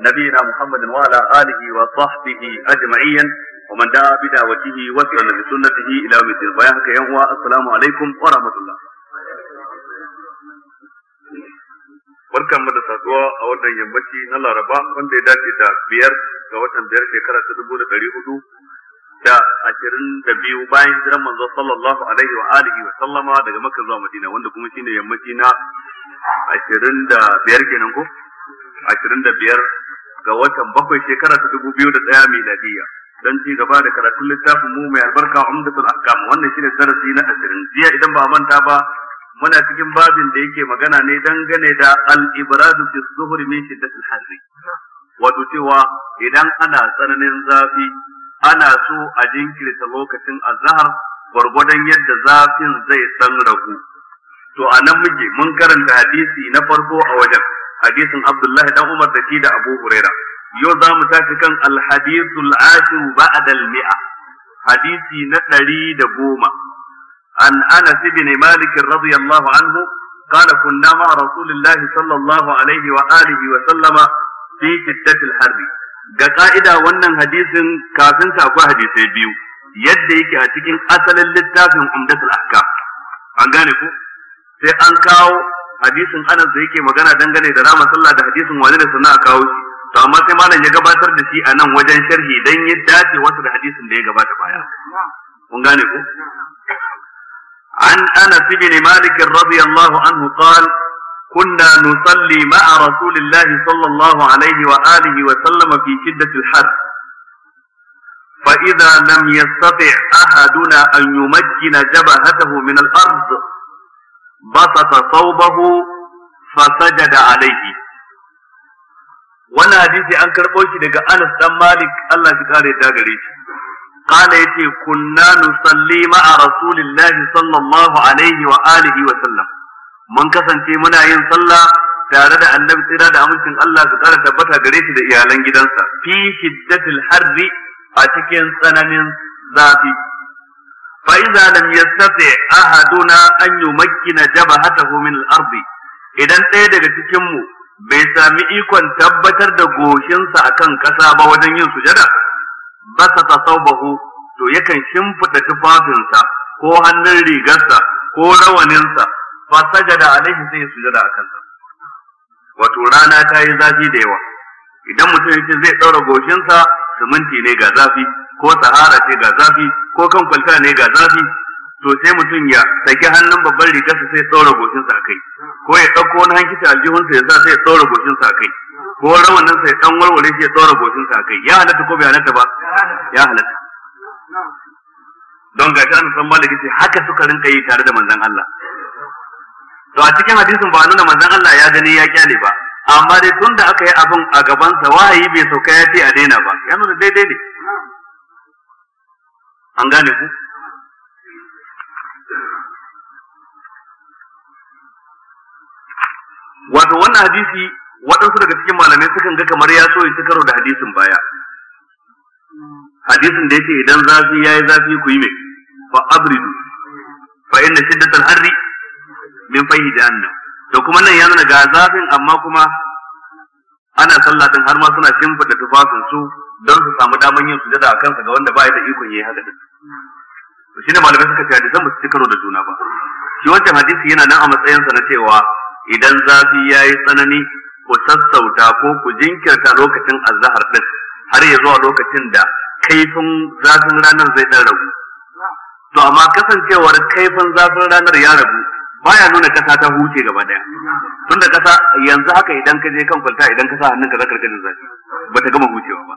نبينا محمد وعلى آله وصحبه أجمعين ومن دعا بدعوته وسلم بسنته إلى يوم الدين ويحكي يوم السلام عليكم ورحمة الله barkan mu da saduwa a wannan yammaci na Laraba wanda ya dace da biyar ga watan biyar shekara ta dubu da ɗari hudu da ashirin da biyu bayan jiran manzo sallallahu alaihi wa alihi wa sallama daga Makka zuwa Madina wanda kuma shine yammaci na ashirin da biyar kenan ko ashirin da biyar ga watan bakwai shekara ta dubu biyu da ɗaya miladiya don ci gaba da karatun littafin mu mai albarka umdatul ahkam wannan shine darasi na ashirin jiya idan ba a manta ba muna cikin babin da yake magana ne dangane da al-ibradu fi zuhri min shiddatil harri wato cewa idan ana tsananin zafi ana so a jinkirta lokacin azahar gwargwadon yadda zafin zai san ragu to anan muke mun karanta hadisi na farko a wajen hadisin Abdullahi dan Umar da shi da Abu Huraira yau za mu tashi kan alhadithul ashir ba'da al hadisi na ɗari da goma an Anas ibn Malik radiyallahu anhu قال كنا مع رسول الله صلى الله عليه وآله وسلم في شدة ga ka'ida wannan hadisin kafinta sa akwai hadisai biyu yadda yake a cikin asalin littafin umdatul ahkam an gane ku sai an kawo hadisin anas da yake magana dangane da rama sallah da hadisin wani da sannan a kawo shi to amma sai malam ya gabatar da shi a nan wajen sharhi dan ya dace wasu da hadisin da ya gabata baya kun gane ko an انس بن مالك رضي الله عنه قال كنا نصلي مع رسول الله صلى الله عليه واله وسلم في شده الحر فاذا لم يستطع احدنا ان يمكن جبهته من الارض basata saubahu fasajada alaihi wannan hadisi an karɓo shi daga Anas dan Malik Allah shi kare da gare shi kana yace kunna nusalli ma'a rasulillahi sallallahu alaihi wa alihi wa sallam mun kasance muna yin sallah tare da annabi tsira da amincin Allah su kara tabbata gare shi da iyalan gidansa fi shiddatil harri a cikin tsananin zafi فإذا لم يستطع أحدنا na يمكن جبهته من الأرض idan ɗaya daga cikinmu bai sami ikon tabbatar da goshinsa a kan ƙasa ba wajen yin sujada ba sa tasawbahu to yakan shimfiɗa tufafinsa ko hannun rigarsa ko rawaninsa ba sajada alaihi sai ya sujada a kansa wato rana ta yi zafi da yawa idan mutum yake zai ɗaura goshinsa siminti ne ga zafi ko sahara ce ga zafi ko kan kwalta ne ga zafi to sai mutum ya saki hannun babban rigarsa sai ɗaura goshin a kai ko ya ɗauko wani hankici aljihunsa ya sa sai ya goshin sa a kai ko nan sai ɗan warware shi ya ɗaura goshinsa a kai ya halatta ko bai halatta ba ya halatta don ga an san malaki ce haka suka rinka yi tare da manzon Allah to a cikin hadisin ba nuna manzon Allah ya gani ya kyale ba amma dai tunda aka yi abin a gabansa wahayi bai sauka ya ce a daina ba ya nuna daidai ne an gane ku wato wannan hadisi waɗansu daga cikin malamai sukan ga kamar ya so ya karo da hadisin baya hadisin da yake idan zafi yayi zafi ku yi mai fa abridu fa inna shiddatal harri min fayhi jahannam to kuma nan ya zana ga zafin amma kuma ana sallah din har ma suna shimfida tufafin su don su samu daman yin jada a kansa ga wanda ba ya da ikon yayi haka din to shine malamai suka ce hadisan ba su ci karo da juna ba shi wancan hadisi yana nan a sa na cewa idan zafi yayi tsanani ku sassauta ko ku jinkirta lokacin azhar din har ya zuwa lokacin da kaifin zafin ranar zai dan rabu to amma kasancewar kaifin zafin ranar ya rabu baya nuna kasa ta huce gaba daya tunda kasa yanzu haka idan ka je kan kwalta idan ka sa hannun ka zakar rika zafi ba ta gama hucewa ba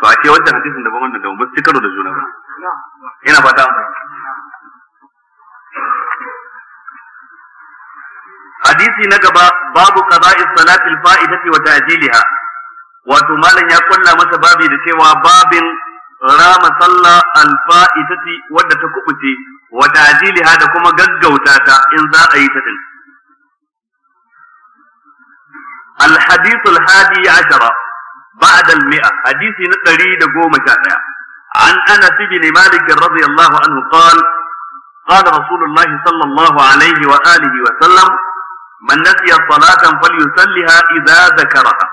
to a ce wancan hadisin da ba wannan da ba su karo da juna ba ina fata hadisi na gaba babu qada'i salati faidati wa ajiliya, wato malam ya kulla masa babi da cewa babin rama sallah alfa'itati wadda ta kubuce wa ta'jiliha da kuma gaggauta ta in za a yi ta din الحديث الحادي عشر بعد المئة حديث نقري دقوم شعنا عن أنس بن مالك رضي الله عنه قال قال رسول الله صلى الله عليه وآله وسلم من نسي صلاة فليسلها إذا ذكرها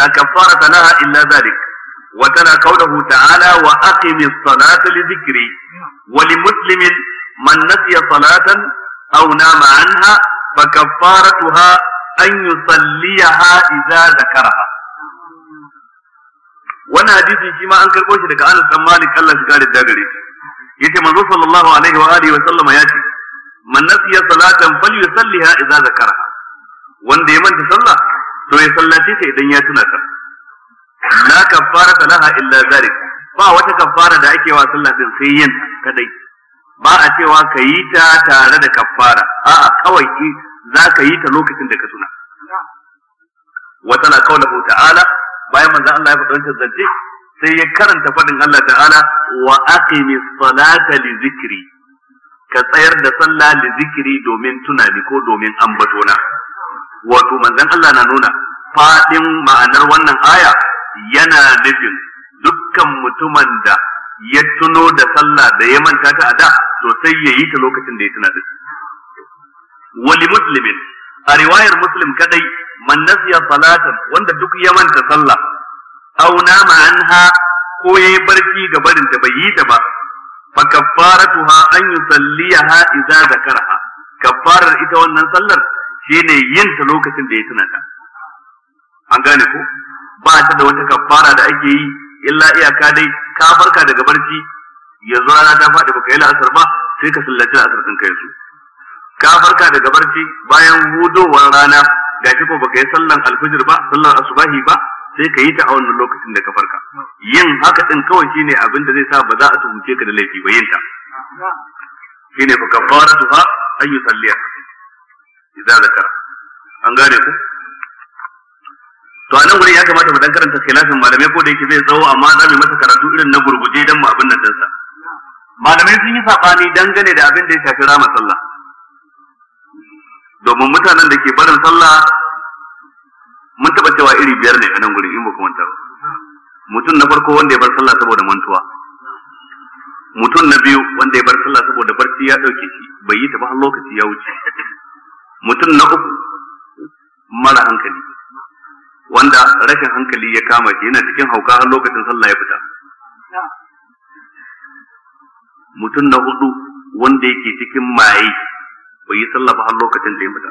لا كفارة لها إلا ذلك وتلا قوله تعالى وأقم الصلاة لذكري ولمسلم من نسي صلاة أو نام عنها فكفارتها أن يصليها إذا ذكرها wannan hadisi shi ma an karɓo shi daga Anas dan Malik Allah shi kare dagare yace manzo sallallahu alaihi wa alihi wa sallama yace man nasiya salatan falyusalliha idza zakara wanda ya manta sallah to ya sallace ta idan ya tuna ta la ta laha illa zalik ba wata kafara da ake wa sallah din sai yin kadai ba a cewa ka yi ta tare da kafara a'a kawai za ka yi ta lokacin da ka tuna wa tana hu ta'ala bayan manzon Allah ya faɗa wancan zance sai ya karanta faɗin Allah ta'ala wa aqimis salata li zikri ka tsayar da sallah li zikri domin tunani ko domin ambatona wato manzon Allah na nuna faɗin ma'anar wannan aya yana nufin dukkan mutumin da ya tuno da sallah da ya manta ta a da to sai ya yi ta lokacin da ya tuna din wali muslimin a riwayar muslim kadai man nasiya salatan wanda duk ya manta sallah aw nama anha ko yayi barci ga barin ta bai yi ta ba fa kaffaratuha an yusalliha idza zakaraha kaffarar ita wannan sallar shine yin ta lokacin da ya tuna ta an gane ko ba ta da wata kafara da ake yi illa iyaka dai ka farka daga barci yanzu rana ta faɗi baka yi la'asar ba sai ka sallaci la'asar din kai su ka farka daga barci bayan hudowar rana shi ko baka yi sallan alfijir ba sallan asubahi ba sai ka yi ta a wannan lokacin da ka farka yin haka ɗin kawai shine abin da zai sa ba za a tuhuce ka da laifi ba yin ta shine fa tuha an yusalliya idan zakara an gane ku to a nan gurin ya kamata mu dan karanta khilafin malamai ko da yake zai tsawo amma za mu masa karatu irin na gurguje dan mu abin nan dinsa malamai sun yi sabani dangane da abin da ya shafi rama sallah domin mutanen da ke barin sallah mun taɓa cewa iri biyar ne a nan gurin in ba kuma ta mutum na farko wanda ya bar sallah saboda mantuwa mutum na biyu wanda ya bar sallah saboda barci ya ɗauke shi bai yi ta ba lokaci ya wuce mutum na uku mara hankali wanda rashin hankali ya kama shi yana cikin hauka har lokacin sallah ya fita mutum na hudu wanda yake cikin maye bai yi sallah ba har lokacin da ya fita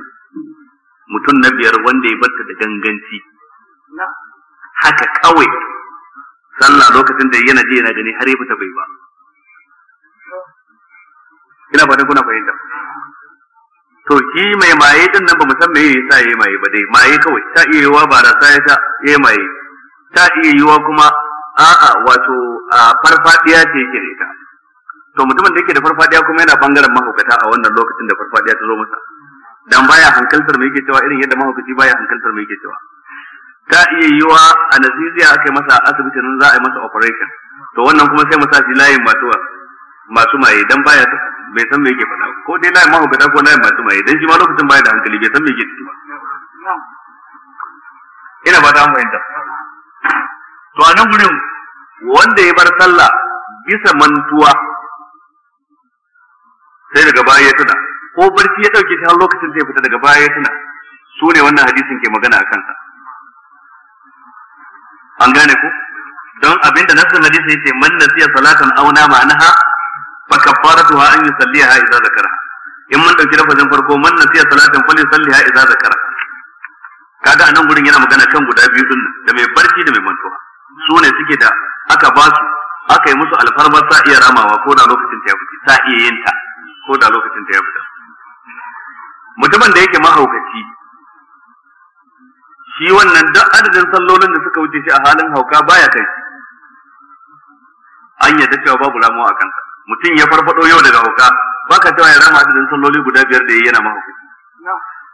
mutum na biyar wanda ya barta da ganganci haka kawai sallah lokacin da yana je yana gani har ya fita bai ba ina fatan kuna fahimta to shi mai maye din nan ba mu san me yasa yayi maye ba dai maye kawai ta iya yiwa ba da ya ta yayi maye ta iya yiwa kuma a'a wato a farfadiya ce yake da ita to mutumin da yake da farfadiya kuma yana bangaren mahaukata a wannan lokacin da farfadiya ta zo masa dan baya hankaltar mai yake cewa irin yadda mahaukaci baya hankaltar mai yake cewa ta iya yiwa anesthesia aka yi masa asibiti nan za a yi masa operation to wannan kuma sai mu sa shi layin matuwa masu maye dan baya bai san me yake faɗa ko dai layin gada ko layin masu maye dan shi ma lokacin baya da hankali bai san me yake ciki ba ina ba ta da to a nan gurin wanda ya bar sallah bisa mantuwa sai daga baya ya tuna ko barci ya dauke shi har lokacin zai fita daga baya ya tuna su ne wannan hadisin ke magana a kansa an gane ku don abinda nassin hadisi ce man nasiya salatan auna nama ha? fa kaffaratuha an yusalliha idza zakaraha in mun dauki lafazin farko man nasiya salatin fali salliha idza zakara kaga anan gurin yana magana kan guda biyu din da mai barci da mai mantuwa su ne suke da aka ba su aka yi musu alfarmar sa iya ramawa ko da lokacin ta ya fita sa iya yin ta ko da lokacin ta ya fita mutumin da yake mahaukaci shi wannan duk adadin sallolin da suka wuce shi a halin hauka baya kai an yadda cewa babu ramuwa a kansa mutum ya farfado yau daga hauka ka cewa ya rama adadin salloli guda biyar da yi yana mahaukaci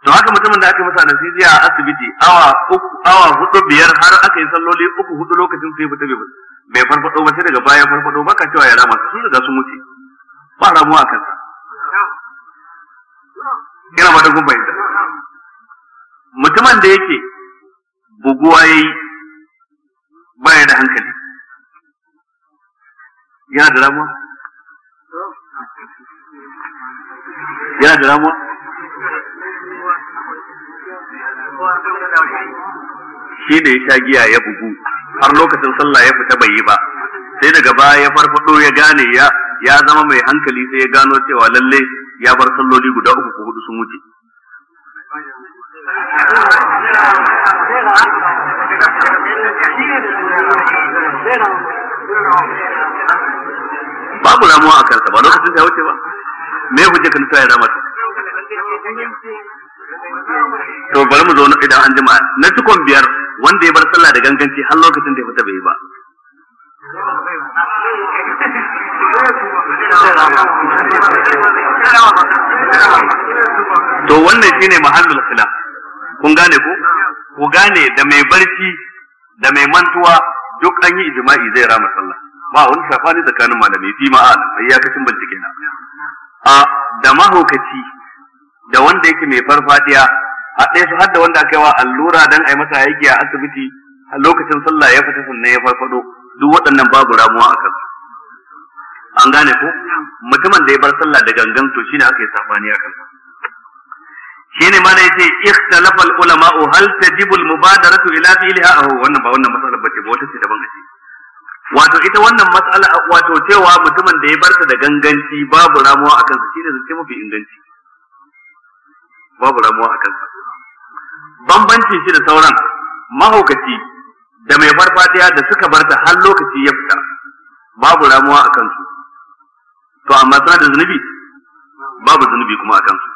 to haka mutumin da aka masa anestesia a asibiti awa uku awa hudu biyar har aka yi salloli uku hudu lokacin sai fita bai farfado ba sai daga baya farfado ka cewa ya rama su riga sun wuce ba ramuwa kansa ina ba da gumba yadda mutumin da yake buguwa yayi baya da hankali yana da ramuwa yana da ramuwa shi da ya sha giya ya bugu har lokacin sallah ya fita bai yi ba sai daga baya ya farfado ya gane ya ya zama mai hankali sai ya gano cewa lalle ya bar salloli guda uku ko hudu sun wuce babu ramuwa a kansa ba lokacin da ya wuce ba me ya hujja ka nisa ya rama ta to bari mu zo idan an jima na cikon biyar wanda ya bar sallah da ganganci har lokacin da ya fita bai ba to wannan shine mahallul khilaf kun gane ko ku gane da mai barci da mai mantuwa duk an yi ijma'i zai rama sallah ba wani safani tsakanin malamai fi ma'ana iyakacin bincike na a da mahaukaci da wanda yake mai farfadiya a ɗaya su da wanda aka yi wa allura dan a yi masa aiki a asibiti a lokacin sallah ya fita sannan ya farfado duk waɗannan babu ramuwa a kansu an gane ko mutumin da ya bar sallah da gangan to shine aka yi safani a kansa shine ma da yace ikhtalafa al ulama hal tajibu al mubadaratu ila fi'liha aw wannan ba wannan matsalar bace ba wata ce daban ace wato ita wannan matsala wato cewa mutumin da ya barta da ganganci babu ramuwa a kansa shine zance mafi inganci babu ramuwa a kansa bambanci shi da sauran mahaukaci da mai farfadiya da suka barta har lokaci ya fita babu ramuwa a kansu to amma suna da zunubi babu zunubi kuma a kansu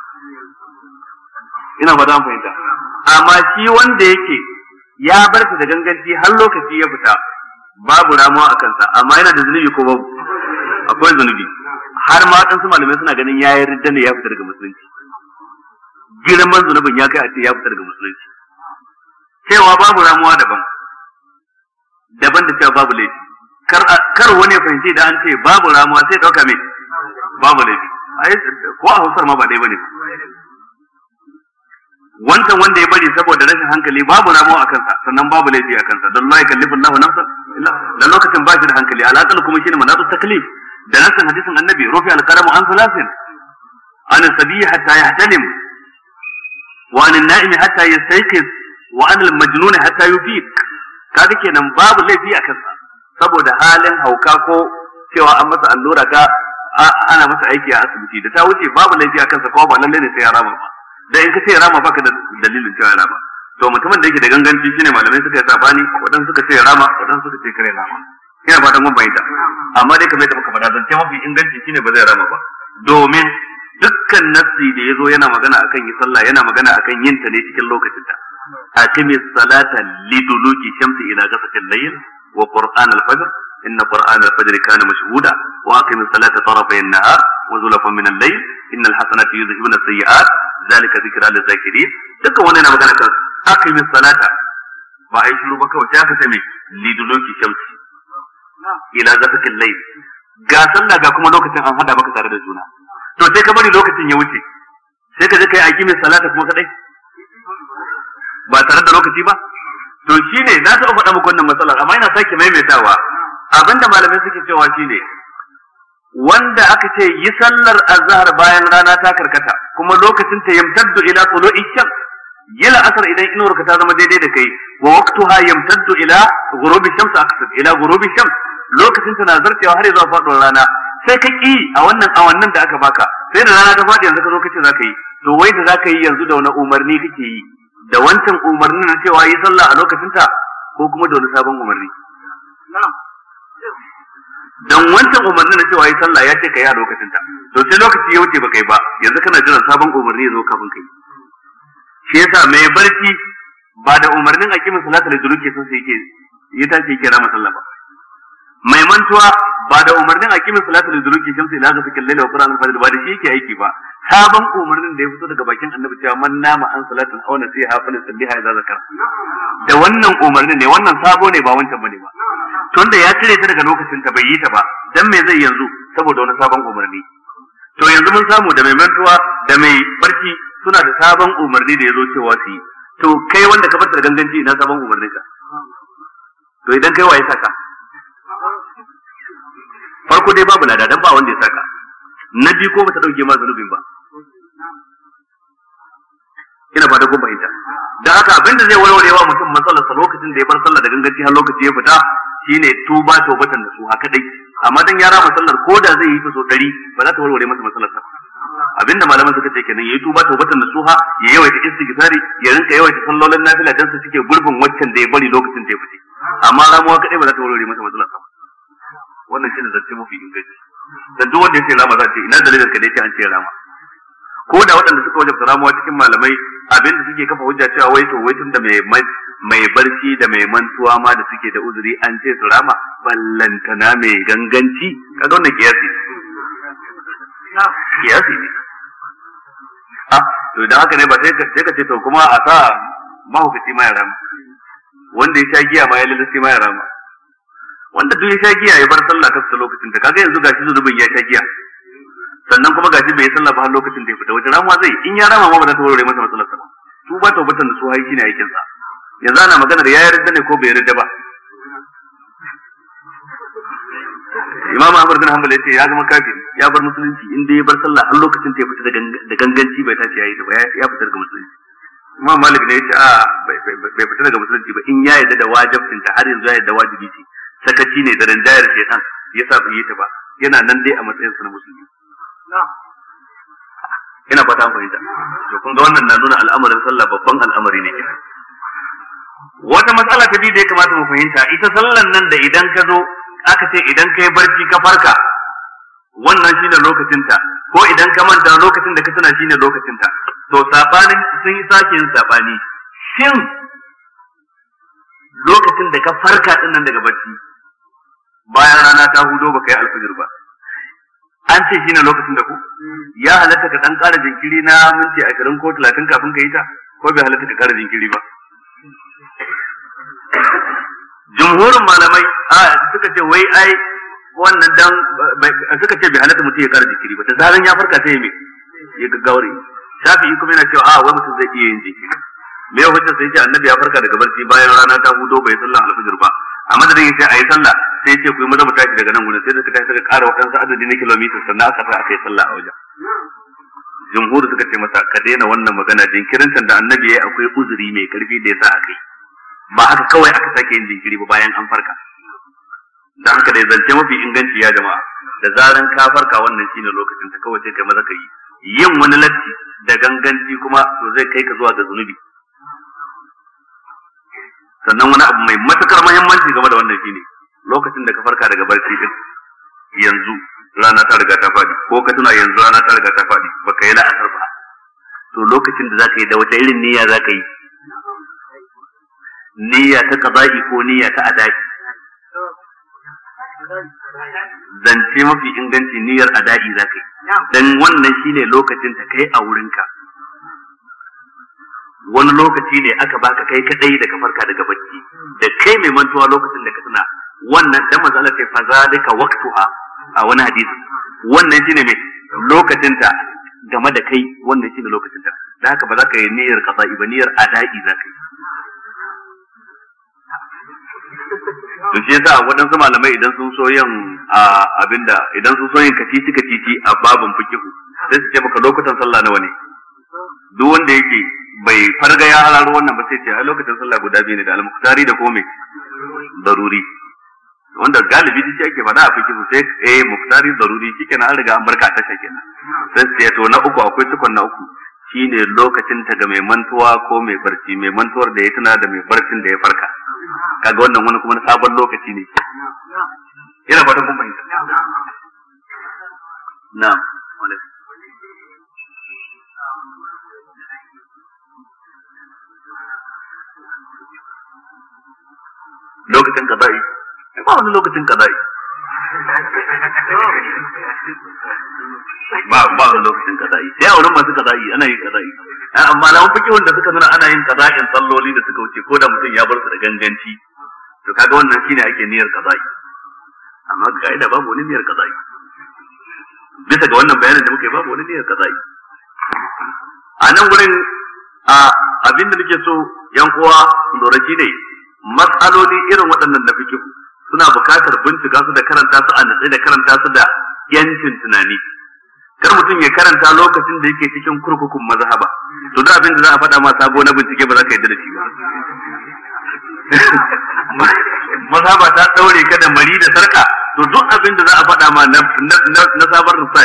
ina ba fahimta amma shi wanda yake ya barta da ganganci har lokaci ya fita babu ramuwa a kansa amma yana da zunubi ko babu akwai zunubi har ma waɗansu malamai suna ganin ya yi ridda ne ya fita daga musulunci girman zunubin ya kai a ce ya fita daga musulunci cewa babu ramuwa daban daban da cewa babu laifi kar wani fahimci da an ce babu ramuwa sai ɗauka mai babu laifi ko a hausar ma ba ɗaya ba ne wancan wanda ya bari saboda rashin hankali babu rabo a kansa sannan babu laifi a kansa don la yukallifu Allahu nafsan da lokacin ba shi da hankali alaqal kuma shine manatu taklif da nasan hadisin annabi rufi al-qalamu an salasin an sabiyi hatta yahtalim wa an an-na'imi hatta yastayqiz wa an al-majnun hatta yufiq kaga kenan babu laifi a kansa saboda halin hauka ko cewa an masa allura ta ana masa aiki a asibiti da ta wuce babu laifi a kansa kuma ba lalle ne sai ya rama ba da in ka ce rama baka da dalilin cewa rama to mutumin da yake da ganganci shine malamai suka yi sabani wadansu suka ce rama wadansu suka ce kare rama ina fatan mun bayyana amma dai kamar yadda muka faɗa zance mafi inganci shine ba zai rama ba domin dukkan nassi da yazo yana magana akan yi sallah yana magana akan yin ta ne cikin lokacin ta akimi salata liduluki shamsi ila ghasaqil layl wa qur'an al-fajr inna qur'an al-fajr kana mashhuda wa akimi salata tarafay an-nahar wa zulafan min al inna al zalika zikra lil zakirin dukkan wannan yana magana kan aqimis salata ba ai shiru ba kawai sai aka ce mai liduluki ila zakatil layl ga sallah ga kuma lokacin an hada maka tare da juna to sai ka bari lokacin ya wuce sai ka je kai aqimis salata kuma kadai ba tare da lokaci ba to shine na ta faɗa muku wannan matsalar amma ina sake maimaitawa abinda malamai suke cewa shine wanda aka ce yi sallar azhar bayan rana ta karkata kuma lokacin ta yamtaddu ila tulu'i shams yi la'asar idan inuwar ka ta zama daidai da kai wa waqtuha yamtaddu ila ghurubi shams aqsad ila ghurubi shams lokacin ta na zartewa har zuwa faduwar rana sai ka ƙi a wannan awannin da aka baka sai da rana ta faɗi yanzu ka zo kace zaka yi to wai da ka yi yanzu da wani umarni kake yi da wancan umarnin na cewa yi sallah a lokacin ta ko kuma da wani sabon umarni na'am dan wancan umarni na cewa yi sallah ya ce kai a lokacin ta to sai lokaci ya wuce ba kai ba yanzu kana jiran sabon umarni ya zo kafin kai shi yasa mai barci ba da umarnin a kima salata duruki sun sai yake ya ta ce kira mai mantuwa ba da umarnin a kimin da zuluki shamsi ila ga sakin laila wa qur'an al-fajr ba da shi yake aiki ba sabon umarnin da ya fito daga bakin annabi cewa man nama an salatu aw nasiha fa nasalliha idza zakar da wannan umarnin ne wannan sabo ne ba wancan bane ba tunda ya cire ta daga lokacin ta bai yi ta ba dan me zai yanzu saboda wani sabon umarni to yanzu mun samu da mai mantuwa da mai barci suna da sabon umarni da ya zo cewa su yi to kai wanda ka bar ganganci ina sabon ka. to idan kai waye saka farko dai babu lada dan ba wanda ya saka na biyu ko bata dauke ma zanubin ba ina fata ko fahimta da haka abinda zai warware wa mutum matsalar sa lokacin da ya bar sallah da ganganci har lokaci ya fita shine tuba tawbatan da su haka dai amma dan yara matsalar ko da zai yi ta so dari ba za ta warware masa matsalar sa abinda malaman suka ce kenan yayi tuba ta da nasuha, ya yawaita istighfari ya rinka yawaita sallolin nafila dan su suke gurbin waccan da ya bari lokacin da ya fice amma ramuwa kadai ba za ta warware masa matsalar sama. wannan da zance mafi inganci da duk wanda ce rama za ta ina dalilin ka dai ce an ce rama ko da waɗanda suka wajabta ramuwa cikin malamai abin da suke kafa hujja cewa wai to wai tunda mai mai barci da mai mantuwa ma da suke da uzuri an ce su rama ballantana mai ganganci kaga wannan kiyasi kiyasi ne ah to idan haka ne ba sai ka ce to kuma a sa mahukaci ma ya rama wanda ya sha giya ma ya lalace ma ya rama wanda duk ya sha giya ya bar sallah ta lokacin da kaga yanzu gashi zunubin ya sha giya sannan kuma gashi bai sallah ba har lokacin da ya fita wata ramuwa zai in ya rama ma ba za ta warware masa matsalar ba su ba ta batan da su hayi ne aikin sa yanzu ana maganar ya yarda ne ko bai yarda ba Imam Ahmad bin Hanbal yace ya zama kafir ya bar musulunci in dai ya bar sallah har lokacin da ya fita da ganganci bai tashi yayi ta ba ya fitar ga musulunci ma malik ne yace a bai fita daga musulunci ba in ya yarda da wajibin ta har yanzu ya yarda wajibi ce sakaci ne da rinjayar shaitan ya sa bai yi ta ba yana nan dai a matsayin sa na musulmi ina fata an fahimta to kun ga wannan na nuna al'amarin sallah babban al'amari ne kenan wata matsala ta biyu da ya kamata mu fahimta ita sallan nan da idan ka zo aka ce idan kai barci ka farka wannan shine lokacinta ko idan ka manta lokacin da ka tana shine lokacinta to sabanin sun yi sake yin sabani shin lokacin da ka farka din nan daga barci bayan rana ta hudo baka yi alfajir ba an ce shine lokacin da ku ya halatta ka dan ƙara jinkiri na minti 20 ko 30 kafin ka yi ta ko bai halatta ka ƙara jinkiri ba jumhurin malamai a suka ce wai ai wannan dan suka ce bai halatta mutum ya ƙara jinkiri ba da zaran ya farka sai ya me ya gaggawar shafi'i kuma yana cewa a ah, wani mutum zai iya yin jiki me hujjar sai ce annabi ya farka daga barci bayan rana ta hudo bai sallah alfajir ba a madadin ce a yi sallah sai ce ku yi maza mu tashi daga nan gudun sai suka tashi suka ƙara waɗansu adadi na kilomita sannan aka sa aka yi sallah a wajen jumhur suka ce masa ka daina wannan magana jinkirin can da annabi ya akwai uzuri mai karfi da ya sa aka yi ba haka kawai aka sake yin jinkiri ba bayan an farka dan haka dai zance mafi inganci ya jama'a da zaran ka farka wannan shine lokacin ta kawai sai kai maza ka yi yin wani latti da ganganci kuma to zai kai ka zuwa ga zunubi sannan wani abu mai matukar muhimmanci game da wannan shine lokacin da ka farka daga barci din yanzu rana ta riga ta faɗi ko ka tuna yanzu rana ta riga ta faɗi baka yi la'asar ba to lokacin da zaka yi da wata irin niyya zaka yi niyya ta kaza'i ko niyya ta adai zance mafi inganci niyyar daɗi za ka yi don wannan shi ne lokacin ta kai a wurinka wani lokaci ne aka baka kai kadai daga farka daga bacci da kai mai mantuwa lokacin da ka tuna wannan dan matsala sai fa zalika waqtuha a wani hadisi wannan shine mai lokacin ta game da kai wannan shine lokacin ta da haka ba za ka yi niyyar qada'i ba niyyar ada'i za ka yi to shi yasa waɗansu malamai idan sun so yin abinda idan sun so yin kacici kacici a babin fikihu sai su ce maka lokutan sallah nawa ne duk wanda yake bai farga ya hararo wannan ba sai ce ai lokacin sallah guda biyu ne da almuktari da kome daruri wanda galibi duk ake faɗa a fikihu sai eh muktari daruri shikenan an riga an barka ta kenan sai su ce to na uku akwai tukun na uku shine lokacin ta ga mai mantuwa ko mai barci mai mantuwar da ya tuna da mai barcin da ya farka kaga wannan wani kuma na sabon lokaci ne ina fatan kun fahimta na'am lokacin kaza'i ba wani lokacin kaza'i ba ba wani lokacin kaza'i sai a wurin masu kaza'i ana yin kaza'i amma na, wani fikihun da suka nuna ana yin kaza'in salloli da suka wuce ko da mutum ya bar su da ganganci to kaga wannan shine ake niyyar qada'i amma ga ka'ida babu wani niyyar qada'i bisa ga wannan bayanin da muke babu wani niyyar qada'i a nan gurin a abin da nake so yan uwa lura shi ne matsaloli irin waɗannan na fikihu suna buƙatar bincika su da karanta su a natsai da karanta su da yancin tunani kar mutum ya karanta lokacin da yake cikin kurkukun mazhaba to da abin da za a faɗa ma sabo na bincike ba za ka yi da shi ba mazhaba ta daure ka da mari da sarka to duk abin da za a faɗa ma na sabar rufa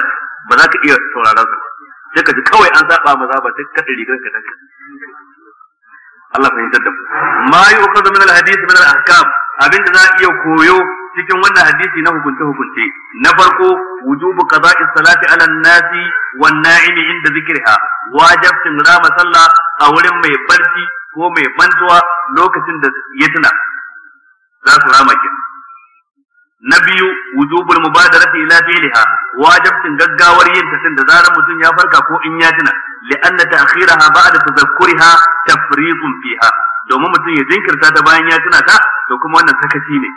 ba za ka iya saurara sa sai ka ji kawai an saba mazhaba sai ka ɗari ka ɗanka Allah fahimtar da mu ma yu'khadhu min al-hadith min al-ahkam abin da za a iya koyo cikin wannan hadisi na hukunce hukunce na farko wujubu qada'i salati ala nasi wan na'imi inda zikriha wajibin rama sallah a wurin mai barci ko mai mantuwa lokacin da ya tuna za su rama kenan na biyu wujubul mubadarati ila fi'liha wajibcin gaggawar yin ta da zarar mutum ya farka ko in ya tuna li'anna ta'khiraha ba'da tadhakkuriha tafriqun fiha domin mutum ya jinkirta ta bayan ya tuna ta to kuma wannan sakaci ne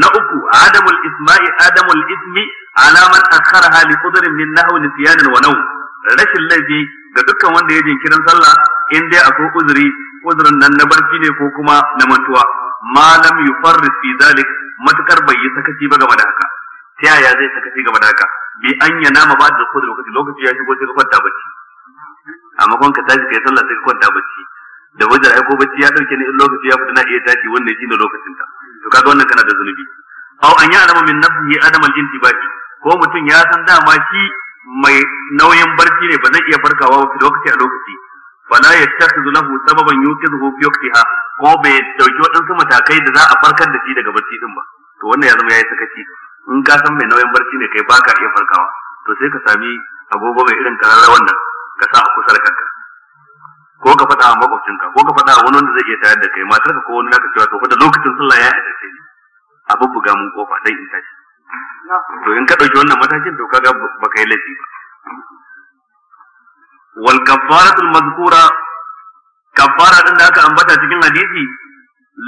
na uku adamul isma'i adamul ismi ala man akharaha li qudrin min nahwi nisyanan wa naw rashin laifi ga dukkan wanda ya jinkirin sallah in dai akwai uzuri uzurin nan na barci ne ko kuma na mantuwa malam yufarris fi zalik matukar bai yi sakaci ba game da haka ta yaya zai sakaci game da haka bi an yana nama ba da kodin lokaci lokaci ya shigo sai ka kwanta bacci amma kon ka tashi kai sallah sai ka kwanta bacci da wajen ko bacci ya dauke ni in lokaci ya fita na iya tashi wannan shine lokacin ta to kaga wannan kana da zunubi aw an ya'lamu alama min nafsihi adam al intibahi ko mutum ya san dama shi mai nauyin barci ne ba zai iya farkawa ba lokaci a lokaci wala yattakhidhu lahu sababan yuqidhu fi waqtiha ko bai dauki waɗansu matakai da za a farkar da shi daga barci din ba to wannan ya zama yayi sakaci in ka san mai nauyin barci ne kai baka iya farkawa to sai ka sami agogo mai irin kararra wannan ka sa a kusar da kanka ko ka faɗa a makwabcinka ko ka faɗa a wani wanda zai iya tayar da kai matarka ko wani naka cewa to fa lokacin sallah ya haɗa ce a bubbuga mun kofa dan in tashi to in ka ɗauki wannan matakin to kaga baka yi laifi ba wal kaffaratul mazkura kaffara din da aka ambata cikin hadisi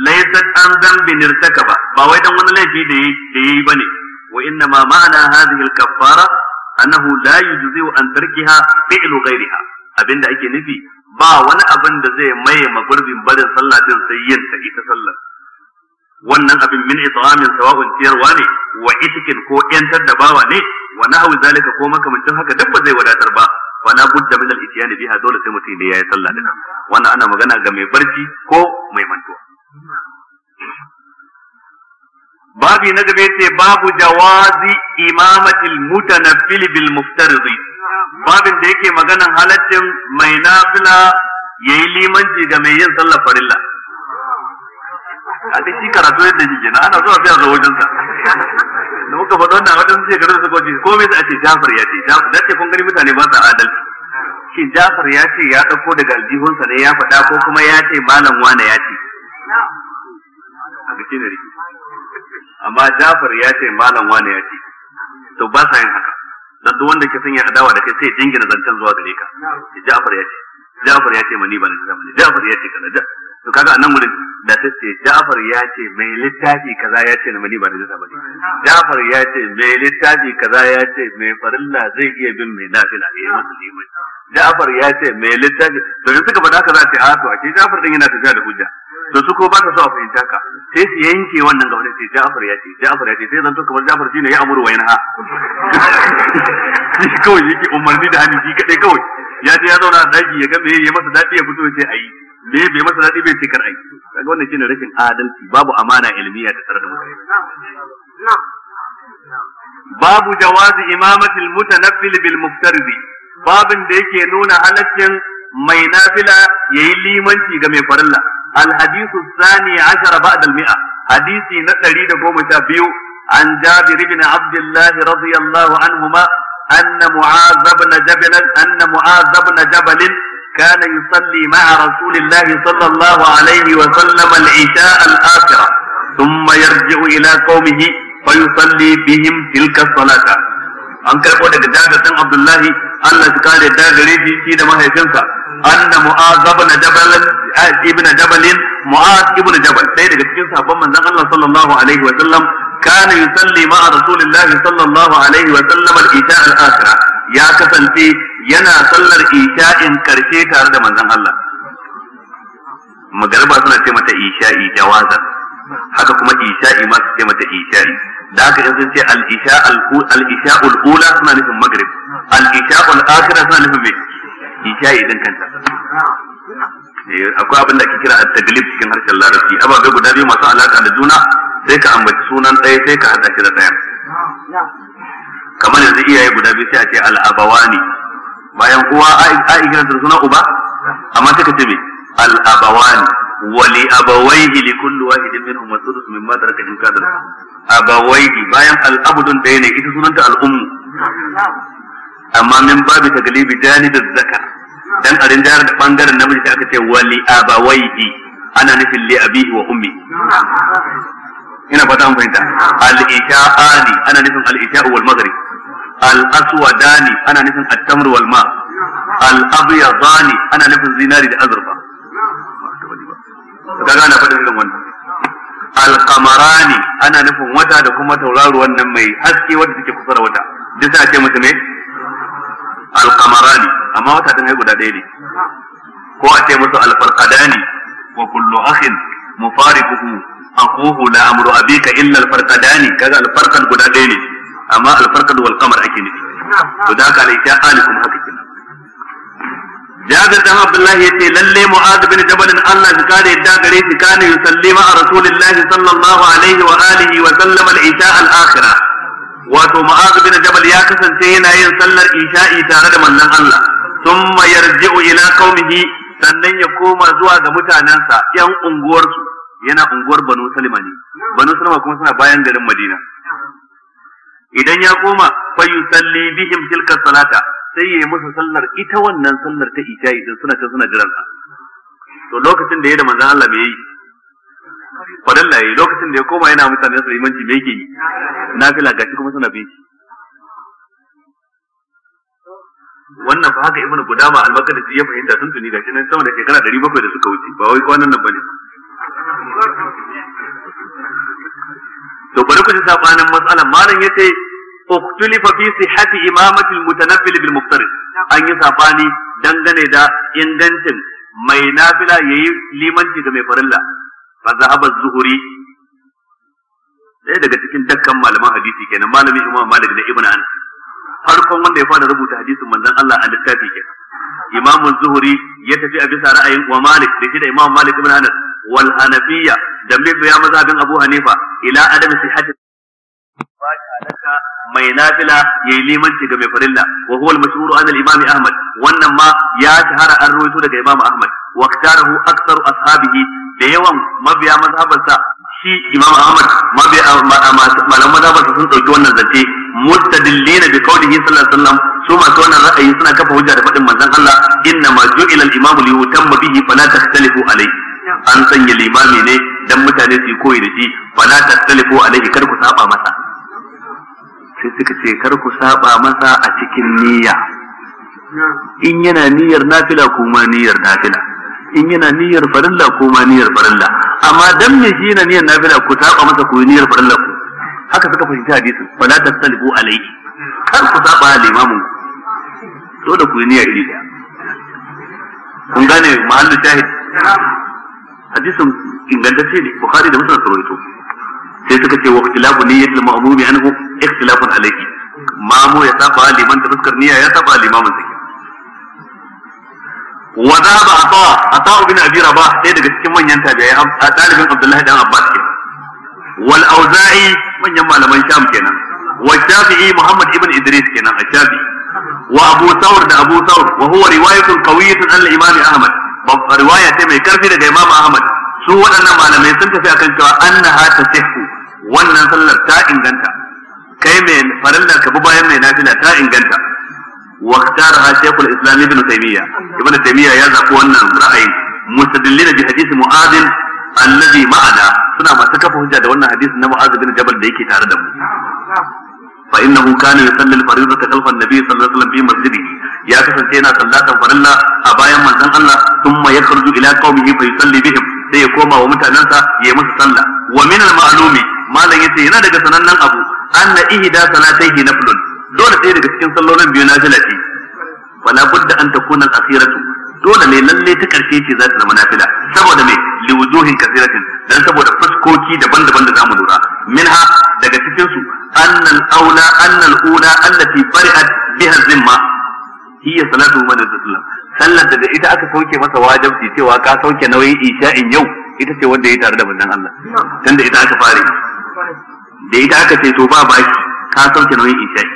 laysat an dhanbin irtakaba ba wai dan wani laifi da yayi bane wa inna ma ma'ana hadhihi al kaffara annahu la yujzi'u an tarkiha fi'lu ghayriha abinda ake nufi ba wani abin da zai maye magurbin barin sallah din sai yin ta ita sallar wannan abin min itsamin sawa'un ciyarwa ne wa itikin ko yantar da bawa ne wa nahwi zalika ko makamancin haka duk ba zai wadatar ba wa la budda min al-ityan biha dole sai mutum ya yayi sallah din wannan ana magana ga mai barci ko mai mantuwa babi na gabe ce babu jawazi imamatil mutanaffil bil muftaridi babin da yake maganan halaccin mai nafila yayi limanci ga mai yin sallah farilla kaga shi karatu yadda shi kenan ana zuwa biya zo wajen sa da muka faɗa wannan wajen sai garin su goji ko me sai a ce Jafar ya ce da ce kun gani mutane ba sa adalci shi Jafar ya ce ya dauko daga aljihunsa ne ya faɗa ko kuma ya ce malam wane ya ce a ne riki amma Jafar ya ce malam wane ya ce to ba sa yin haka dan duk wanda ke son ya adawa da kai sai jingina zancen zuwa gare ka Jafar ya ce Jafar ya ce mani ba na Jafar ya ce kaza to kaga a nan da ta ce Ja'far ya ce mai littafi kaza ya ce mani ba da jisa ba Ja'far ya ce mai littafi kaza ya ce mai farilla zai iya bin mai nafila ya yi masa limai Ja'far ya ce mai littafi to in suka faɗa kaza ce a to a ce Ja'far din yana tafiya da hujja to su ko ba ta so a fahimta ka sai su yanke wannan gaba ce Ja'far ya ce Ja'far ya ce sai zan to kamar Ja'far shine ya amuru wa ha? shi kawai yake umarni da hannu shi kadai kawai ya ce ya zauna a daki ya ga me ya masa dadi ya fito ya ce ayi me bai masa daɗi bai ce kar kaga wannan shine rashin adalci babu amana ilmiya ta tare da mutane babu jawazi imamati almutanaffil bil muftarid babin da yake nuna halaccin mai nafila yayi limanci ga mai farilla al hadithu thani ashara ba'da al mi'a hadisi na 112 an jabir ibn abdullah radiyallahu anhuma أن معاذ بن جبل أن معاذ بن جبل كان يصلي مع رسول الله صلى الله عليه وسلم العشاء الآخرة ثم يرجع إلى قومه فيصلي بهم تلك الصلاة أنكر قولك دابة عبد الله الله تقال دابة ريدي سيدة ما هي أن معاذ ابن جبل ابن جبل معاذ ابن جبل سيدة كتنسا بمن نغل صلى الله عليه وسلم كان يصلي مع رسول الله صلى الله عليه وسلم العشاء الآخرة ya kasance yana sallar isha'in karshe tare da manzon Allah magarba suna ce mata isha'i jawazan haka kuma isha'i masu ce mata isha'i da haka yanzu sun ce al-isha ula suna nufin magrib al-isha suna nufin mai isha'i din kanta eh, akwai abin da ake kira a taglib cikin harshen larabci ababe guda biyu masu alaka da juna sai ka ambaci sunan ɗaya sai ka haɗa shi da ɗaya kamar yanzu iyaye guda biyu sai a ce al'abawani bayan uwa a ikirar da suna uba amma suka ce me al'abawani wali abawaihi li kulli wahidin minhum as-sudus mimma taraka in kana abawaihi bayan al'abudun ɗaya ne ita sunanta al'ummu amma min babu taglibi janibin zaka dan a rinjayar da bangaren namiji sai aka ce wali abawaihi ana nufin li abihi wa ummi ina fata an fahimta al-isha'ani ana nufin al-isha'u wal maghrib al-aswadani ana nufin at-tamr wal ma al-abyadani ana nufin zinari da azurfa kaga ana faɗin irin wannan al-qamarani ana nufin wata da kuma tauraruwan nan mai haske wanda take kusa da wata duk sai a ce musu ne al-qamarani amma wata din ai guda ɗaya ne ko a ce musu al-farqadani wa kullu akhin mufariquhu aquhu la amru abika illa al-farqadani kaga al-farqan guda ɗaya ne amma alfarkad wal qamar ake nufi to da haka alaika alikum haka kin Jabir dan Abdullah ya ce lalle Mu'az bin Jabal Allah ya kare yadda gare shi kana yusalli a Rasulullahi sallallahu alaihi wa alihi wa sallam al-isha al-akhirah wato Mu'az bin Jabal ya kasance yana yin sallar isha'i tare da manzon Allah thumma yarji'u ila qaumihi sannan ya koma zuwa ga mutanensa yan unguwarsu yana unguwar Banu Salima ne Banu Salima kuma suna bayan garin Madina idan ya koma fa yusalli bihim tilka salata sai yayi musu sallar ita wannan sallar ta isha'i idan suna ta suna jiran to lokacin da yayi da manzon Allah me yi? farilla yayi lokacin da ya koma yana mutane su imanci me yake yi nafila gashi kuma suna bin wannan fa haka ibnu gudama al-maqdisi ya fahimta tuntuni gashi nan sama da shekara 700 da suka wuce ba wai kwanan nan bane to bari ku ji sabanin matsalan malam yace uktulifa fi sihhati imamati al-mutanaffil bil muftarid an yi sabani dangane da ingancin mai nafila yayi limanci da mai farilla fa zahaba zuhuri ɗaya daga cikin dakkan malaman hadisi kenan malamin imam malik da ibnu anas farkon wanda ya fara rubuta hadisin manzon Allah a littafi kenan imam zuhuri ya tafi a bisa ra'ayin wa malik da shi da imam malik ibnu anas wal hanafiyya da mabiya mazhabin Abu Hanifa ila adam sihhati mai nafila yayi limanci ga mai farilla wa huwa al-mashhur an al-imam Ahmad wannan ma ya shahara an ruwaito daga Imam Ahmad wa ktarahu aktsaru ashabihi da yawan mabiya mazhabansa shi Imam Ahmad mabiya malaman mazhabansa sun dauki wannan zance mustadillina bi qawlihi sallallahu alaihi wasallam su masu wannan ra'ayi suna kafa hujja da faɗin manzon Allah inna ma ju'ila al-imamu li yutamma bihi fala takhtalifu alayhi an sanya limami ne dan mutane su koyi da shi fala tastalifu alaihi kar ku saba masa sai suka ce kar ku saba masa a cikin niyya in yana niyyar nafila ko ma niyyar nafila in yana niyyar farilla ma niyyar farilla amma dan me shi yana niyyar nafila ku saba masa ko niyyar farilla ku haka suka fahimci hadisin fala tastalifu alaihi kar ku saba limamin ku so da ku niyya iri daya kun gane mahallin shahid hadisin ingantacce ne bukhari da muslim rawaito sai suka ce wa ikhtilafu niyyatil ma'mumi anhu ikhtilafun alayhi mamu ya saba liman da fuskar niyya ya saba limamin sa wa dhaba ata ata ibn abi rabah sai daga cikin manyan tabi'ai a talibin abdullahi dan abbas ke wal auza'i manyan malaman sham kenan wa shafi'i muhammad ibn idris kenan a shafi'i wa abu thawr da abu thawr wa huwa riwayatun qawiyyatun al imam ahmad riwaya ce mai karfi daga Imam Ahmad su waɗannan malamai sun tafi akan cewa annaha tasihhu wannan sallar ta inganta kai mai farallar ka bi bayan mai nafila ta inganta wa ikhtaraha Shaykh al-Islam Ibn Taymiyyah Ibn Taymiyyah ya zaɓi wannan ra'ayin mustadillina bi hadith Mu'adh alladhi ma'ana suna masu kafa hujja da wannan hadisi na Mu'adh bin Jabal da yake tare da mu fa innahu kana yusalli farin fariidata khalfa an-nabi sallallahu alaihi wasallam ya kasance yana sallatan farilla a bayan manzon Allah sun ya yakhruju ila qaumihi fa yusalli bihim sai ya koma wa mutanansa ya yi musu sallah wa min malumi malam yace yana daga sanannen abu anna ihda salatayhi naflun dole sai daga cikin sallolin biyu na jalati wala budda an ta al-akhiratu dole ne lallai ta karshe ce za ta zama nafila saboda mai liwujuhin kasiratin dan saboda faskoki daban-daban da za mu lura minha daga cikin su annal aula annal ula allati bari'at biha zimma hiya salatu Muhammad sallallahu sallar da ita aka sauke masa wajibi cewa ka sauke nauyin isha'in yau ita ce wanda ya tare da manzon Allah tunda ita aka fare da ita aka ce to ba baki ka sauke nauyin isha'i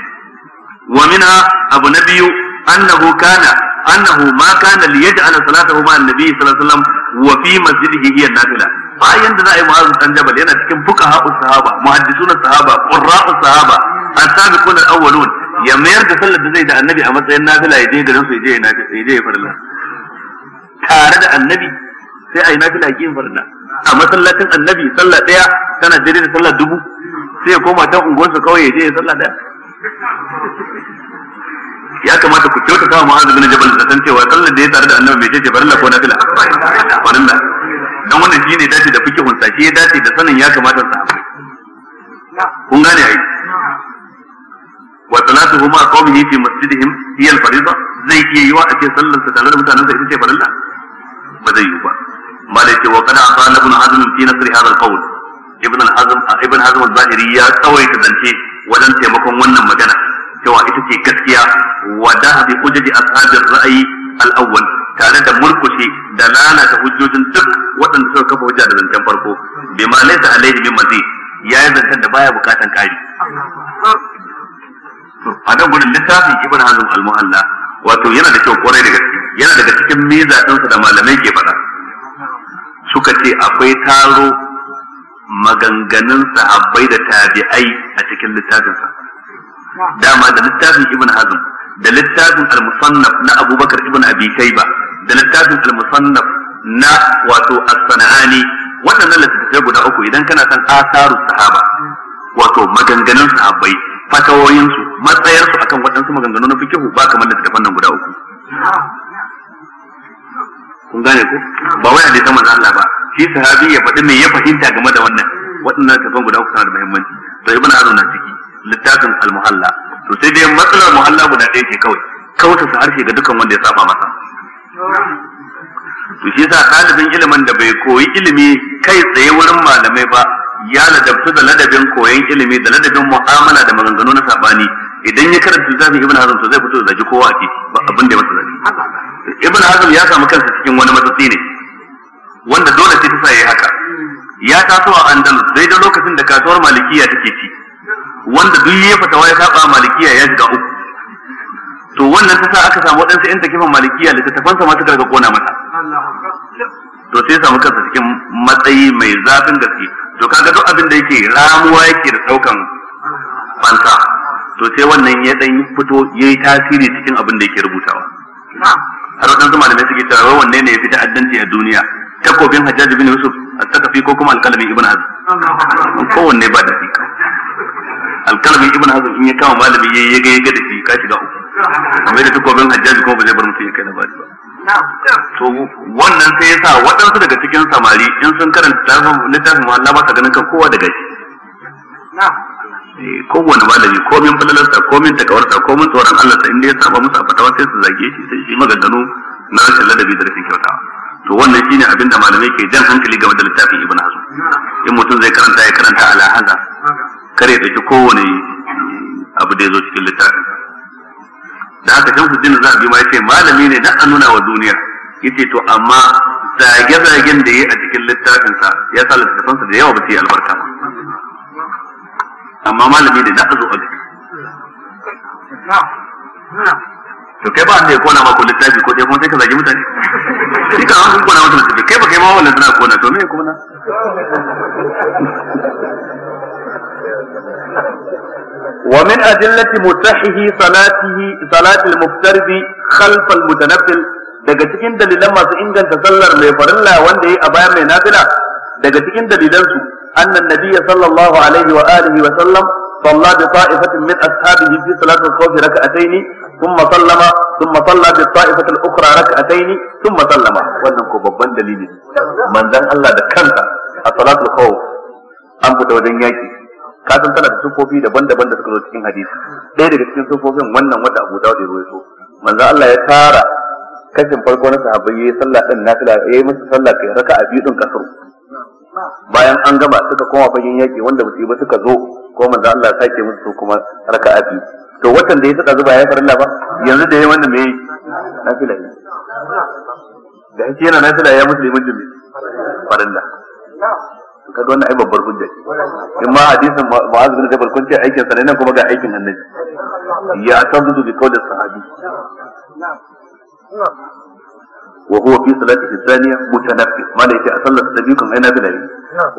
wa minha abu na biyu annahu kana annahu ma kana liyaj'ala salatahu ma annabi sallallahu alaihi wasallam wa fi masjidihi hiya nafila ba yanda za a yi mu'azu dan jabal yana cikin fuqaha'us sahaba muhaddisuna sahaba qurra'us sahaba as al-awwalun ya mayar da sallar da zai da annabi a matsayin nafila ya je garin su ya je ya je ya farla tare da annabi sai a yi nafila kin farla a masallacin annabi sallah daya tana daidai da sallar dubu sai ya koma ta unguwarsu kawai ya je ya sallah daya ya kamata ku kyauta sama ma'azu bin jabal da san cewa kallon da ya tare da annabi mai ce farilla ko nafila farilla dan wannan ne dace da fikihun sa shi ya dace da sanin ya kamata sa kun gane ai wa a ma qawmihi fi masjidihim hiya al-fariḍa zai iya yiwa a ce sallar sa tare da mutanen sa ita ce farilla ba zai yi ba malai ce wa kana qala ibn hazm fi nasr hadha al-qawl ibn hazm ibn hazm al-zahiri ya tsawaita zance wajen taimakon wannan magana cewa ita ce gaskiya wa bi hujjaji ashabir ra'ayi al-awwal tare da murkushe da lalata hujjojin duk waɗanda suka kafa hujja da zancen farko bima laysa alaihi min mazi ya yi zancen da baya bukatan kari a nan gudun littafin ibn hazm al-muhalla wato yana da kyau kwarai da gaske yana daga cikin meza ɗinsa da malamai ke faɗa suka ce akwai taro maganganun sahabbai da tabi'ai a cikin littafinsa dama da littafin ibn hazm da littafin al-musannaf na abubakar ibn abi shayba da littafin al-musannaf na wato as-sana'ani waɗannan littattafai guda uku idan kana son asaru sahaba wato maganganun sahabbai fatawoyinsu matsayarsu akan waɗansu maganganu na fikihu ba kamar littattafan nan guda uku kun gane ko ba wai hadisan manzo Allah ba shi sahabi ya faɗi me ya fahimta game da wannan waɗannan littattafan guda uku suna da muhimmanci to ibn Hazm na ciki littafin almuhalla sosai to sai dai matsalar muhalla guda ɗaya ce kawai kauta su harshe ga dukkan wanda ya saba masa to shi yasa ɗalibin ilimin da bai koyi ilimi kai tsaye wurin malamai ba ya ladabtu da ladabin koyon ilimi da ladabin mu'amala da maganganu na sabani idan ya karanta littafin ibn hazm to zai fito da zaki kowa a titi ba abin da ya masa zaki ibn hazm ya samu kansa cikin wani matsatsi ne wanda dole sai ta sa yayi haka ya taso a andalus daidai lokacin da kasuwar malikiya take ci wanda duk ya fatawa ya saba malikiya ya shiga uku to wannan ta sa aka samu waɗansu yan takifan malikiya da tafansa ma suka daga kona mata. to sai samu kansa cikin matsayi mai zafin gaske to kaga duk abin da yake ramuwa yake da ɗaukan fansa to sai wannan ya dan fito yayi tasiri cikin abin da yake rubutawa har waɗansu malamai suke cewa wai wanne ne ya fi addanci a duniya takobin hajjaji bin yusuf a ko kuma alƙalamin ibn azu kowanne ba da fika alkalamin ibn hazm in ya kama malami yayi yaga yaga da shi ka shiga uku kamar da tukobin hajjaji kuma ba zai bar mutum ya kai na bari ba to wannan sai yasa waɗansu daga cikin samari in sun karanta littafin muhalla ba ka ganin kan kowa daga shi eh, kowane malami ko min falalarsa ko min takawarsa ko min tsoron Allah sai inda ya saba musu a fatawa sai su zage shi sai shi maganganu na rashin ladabi da rashin kyauta to wannan shine abinda malamai ke jan hankali game da littafin Ibn Hazm in mutum zai karanta ya karanta ala haza kare ya ɗauki kowane abu da ya zo cikin littafin da aka can hujjin za a bi ma ya ce malami ne na a nuna wa duniya ce to amma zage-zagen da ya yi a cikin littafinsa ya sa littafansa da yawa ba su yi albarka ba amma malami ne na a zo a jiki to kai ba a ya kona mako littafi ko dai kuma sai ka zagi mutane shi ka an kona maka littafi kai ba kai ma wannan suna kona to me kona ومن أدلة متحه صلاته صلاة المفترض خلف المتنفل daga cikin dalilan masu inganta sallar mai farilla wanda yi a baya mai nafila daga cikin dalilansu annan nabiyya sallallahu alaihi wa alihi wa sallam صلى بطائفة من أصحابه في صلاة الخوف ركعتين ثم سلم ثم صلى بالطائفة الأخرى ركعتين ثم sallama. wannan ko babban dalili manzon Allah da kanta a salatul khawf an fita wajen yaki ka san tana da sufofi daban-daban da suka zo cikin hadisi ɗaya daga cikin sufofin wannan wanda Abu Dawud ya rawaito manzo Allah ya tara kashin farko na sahabbai yayi sallah din nafila yayi musu sallah kai raka'a biyu din kasar bayan an gama suka koma fagen yaki wanda ba su yi ba suka zo ko manzo Allah ya sake musu kuma raka'a biyu to watan da ya saka zuba ya Allah ba yanzu da yayi wannan me yayi nafila ne da shi yana nafila ya musulmi mutum ne farilla kaga wannan ai babbar hujja ce in ma hadisin mu'az bin jabal kun ce aikin sa ne nan kuma ga aikin annabi ya tabudu bi qawli sahabi wa huwa fi salatihi thaniya mutanaffis ma laysa asallat sabiqan ai nafila ne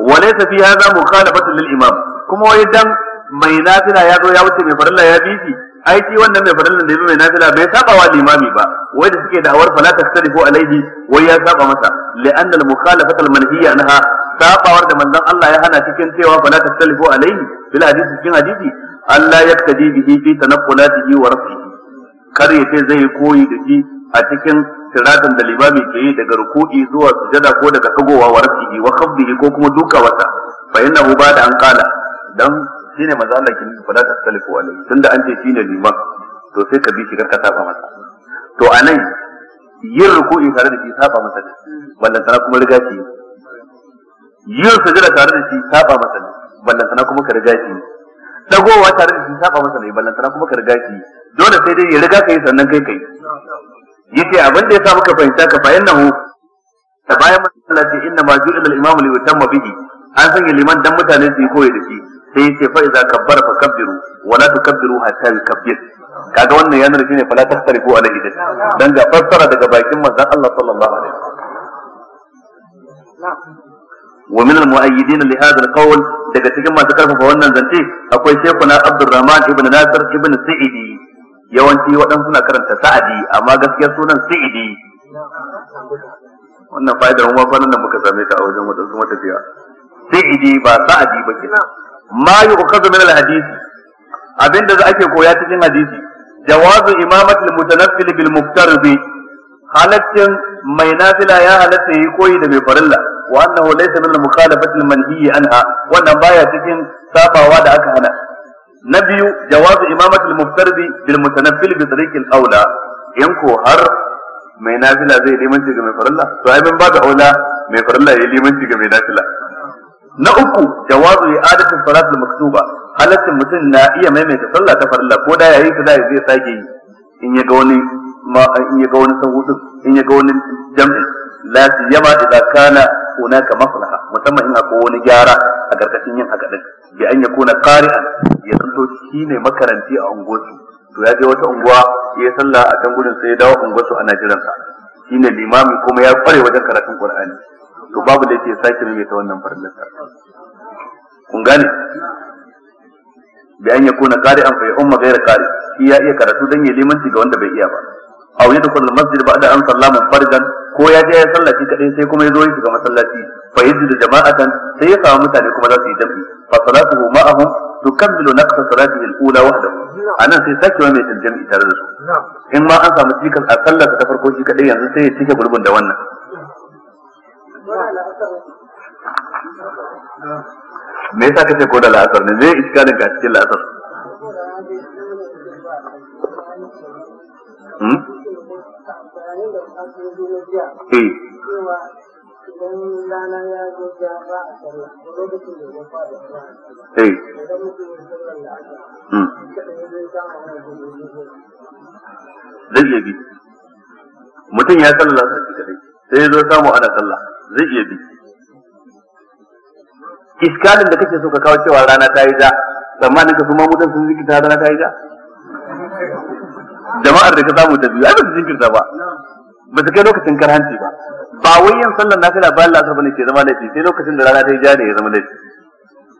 wa laysa fi hadha mukhalafatan lil imam kuma wai dan mai nafila ya zo ya wuce mai farilla ya bi shi aiki wannan mai farallan da mai nafila bai saba wa limami ba wai da suke da awar fala taktarifu alaihi wai ya saba masa li'anna al-mukhalafat al-manhiya anha sabawar da manzon Allah ya hana cikin cewa fala taktarifu alaihi bil hadisi cikin hadisi Allah ya kaji bihi fi tanaqulatihi wa rafihi kar ya ce zai koyi da shi a cikin siratan da limami ke yi daga ruku'i zuwa sujada ko daga tagowa wa rafihi wa khafdihi ko kuma duka wata fa innahu ba da an kala dan shine manzo Allah ke nufi ta tasalifu alai tunda an ce shine liman to sai ka bi shi karka saba masa to anan yin ruku'i tare da shi saba masa ne ballan sana kuma riga shi yin sujada tare da shi saba masa ne ballan sana kuma ka riga shi dagowa tare da shi saba masa ne ballan sana kuma ka riga shi dole sai dai ya riga kai sannan kai kai yace abin da ya sa muka fahimta ka fa innahu ta bayan masallaci inna ma ju'ila al-imamu li yutamma bihi an sanya liman dan mutane su yi koyi da shi sai yace fa idza kabbara fa kabbiru wa la tukabbiru hatta yukabbir kaga wannan yanar shine fala tasrifu alaihi din dan ga fassara daga bakin manzon Allah sallallahu alaihi wasallam ومن المؤيدين لهذا القول daga cikin masu karfafa wannan zance akwai shekuna Abdurrahman ibn Nasir ibn Sa'idi yawanci waɗansu suna karanta Sa'adi amma gaskiya sunan Sa'idi wannan fa'idar mu kwanan da muka same ta a wajen waɗansu matafiya Sa'idi ba Sa'adi ba kenan ma yu'khadhu min al-hadith abinda za ake koya cikin hadisi jawazu imamati al-mutanaffil bil muftarib halaccin mai nafila ya halatta yi koyi da mai farilla wa annahu laysa min al-mukhalafati al-manhiyi anha wannan baya cikin sabawa da aka hana na biyu jawazu imamati al-muftarib bil mutanaffil bi tariq al-awla in ko har mai nafila zai limanci ga mai farilla to ai ban ba da aula mai farilla ya limanci ga mai nafila na uku jawazu i'adatu salatul maktuba halaccin mutum na iya maimaita sallah ta farilla ko da yayi ta da zai sake yi in ya ga wani in ya ga wani sahudu in ya ga wani jam'i la siyama da kana hunaka maslaha musamman in akwai wani gyara a gargashin yin haka din bi an yakuna qari'an ya zanto shine makaranti a unguwarsu to ya je wata unguwa ya sallah a can gudun sai ya dawo unguwarsu ana jiransa shine limami kuma ya kware wajen karatun qur'ani to babu da yake sake mai ta wannan farlan kun gane ya an yakuna qari'an fa umma gaira qari shi ya iya karatu dan ya limanci ga wanda bai iya ba aw yadkhul masjid ba'da an sallama farjan ko ya je ya sallaci kadai sai kuma ya zo ya shiga masallaci fa yajidu jama'atan sai ya samu mutane kuma za su yi jam'i fa salatuhu ma'ahum tukammilu naqsa salatihi al-ula wahdahu anan sai sake mai jam'i tare da su in ma an samu cikas a sallarsa ta farko shi kadai yanzu sai ya cike gurbin da wannan me yasa kace ko da la'asar ne zai iskalin ka cikin la'asar hmm eh eh hmm. mutum ya sallar la'asar kadai sai zo samu ana sallah zai iya bi iskalin da kake so ka kawo cewa rana ta yi ja tsammanin ka su mutan sun zikirta rana ta yi ja jama'ar da ka samu ta biyu ai ba su jinkirta ba ba su kai lokacin karhanci ba ba wai yin sallar nafila bayan la'asar bane ke zama laifi sai lokacin da rana ta yi ja ne ya zama laifi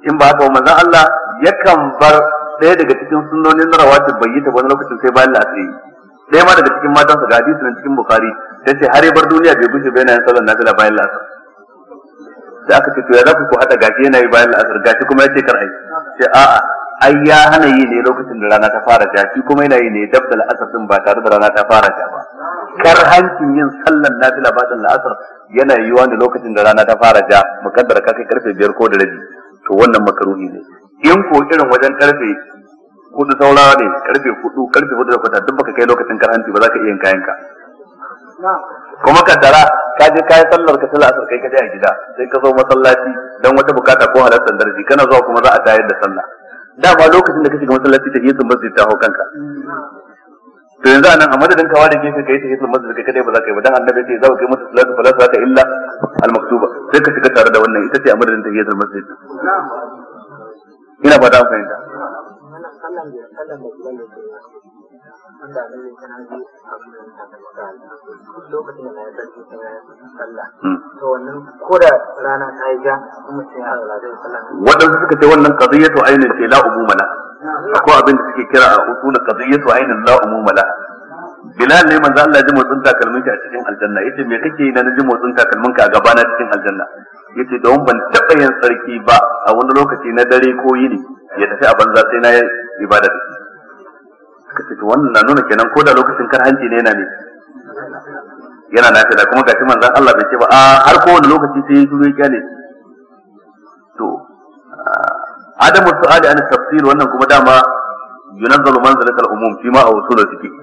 in ba haka manzan Allah yakan bar ɗaya daga cikin sunnonin na rawatib bai yi ta wani lokacin sai bayan la'asar ɗaya ma daga cikin matansa ga hadisi nan cikin bukari ta ce har bar duniya bai gushe bai na sallan sallar nafila bayan la'asar sai aka ce to ya za ko haɗa gashi yana yi bayan la'asar gashi kuma ya ce kar ai ce a'a ai ya hana yi ne lokacin da rana ta fara ja shi kuma yana yi ne dab da la'asar din ba tare da rana ta fara ja ba kar hancin yin sallar nafila bayan la'asar yana yiwa ne lokacin da rana ta fara ja mukaddara ka kai karfe biyar ko da rabi to wannan makaruhi ne in ko irin wajen karfe kudu saura ne karfe hudu karfe hudu da kwata duk baka kai lokacin karhanci ba za ka iya kayan ka kuma kaddara ka je kayi sallar ka sallar asar kai ka je a gida sai ka zo masallaci dan wata bukata ko halartar darji kana zuwa kuma za a tayar da sallah dama lokacin da ka shiga masallaci ta yi masjid zai taho kanka to yanzu anan a madadin ka ware gefe kai ta yi zai kai ba za ka yi ba dan annabi ce za ka kai masa salatu fala salata illa al maktuba sai ka shiga tare da wannan ita ce a madadin ta yi zai ina ba da fahimta فلم فلم يتبلد أما من هذه lokacin da ya sarki sun ya sallah to wannan ko da rana ta yi ja kuma sai ya aura zai sallah waɗansu suka ce wannan qadiyatu ainin ce la umumala akwai abin da suke kira a usul qadiyatu ainin la umumala Bilal ne manzo Allah ji motsin takalmin ka a cikin aljanna yace me kake yi na ji motsin takalmin ka a gabana cikin aljanna yace don ban taba yin sarki ba a wani lokaci na dare ko yini ya tafi a banza sai na yi ibada da shi ka ce wannan na nuna kenan ko da lokacin karhanci ne yana ne yana da kuma gashi zan Allah bai ce ba a ah, har kowane lokaci sai ya shiru ya kyale to ah, adamu ali an tafsir wannan kuma dama yunazzalu manzilatal umum fi ma a usulul fiqh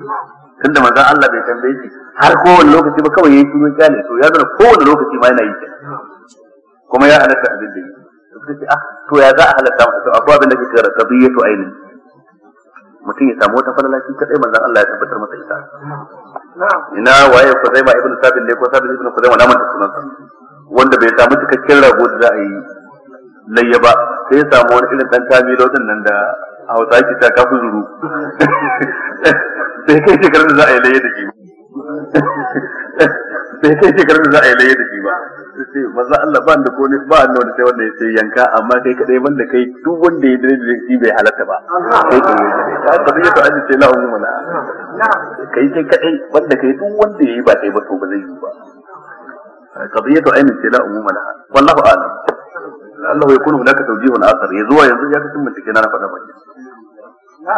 tunda manzon Allah bai tambaye shi har kowane lokaci ba kawai yayi shiru kyale to ya zana wani lokaci ma yana yi kuma ya alaka abin da yi sai ah to ya za a halatta mu to akwai abin da ke kira sabiyatu aini mutum ya samu wata falala shi kadai manzon Allah ya tabbatar masa ita ina waye ko zai ma ibnu sabin ne ko sabin ibnu ko zai ma namun sunan sa wanda bai samu cikakken rago da za a yi layya ba sai ya samu wani irin dan kamilo din nan da hausa ki ta kafu zuru sai kai shekarar da za a yi layya da shi sai kai shekarar da za a yi layya da shi ba ce manzo Allah ba da kone ba Allah wanda sai wanda ya ce yanka amma kai kadai banda kai duk wanda ya dare da shi bai halatta ba kai ke ka yi zai to ce la umma mala kai kai kadai banda kai duk wanda ya yi ba kai ba to ba zai yi ba qadiyatu ainin ce la umma mala wallahu a'lam Allah ya kunu laka tawjihun akhar ya zuwa yanzu ya kasin mace kenan na faɗa ba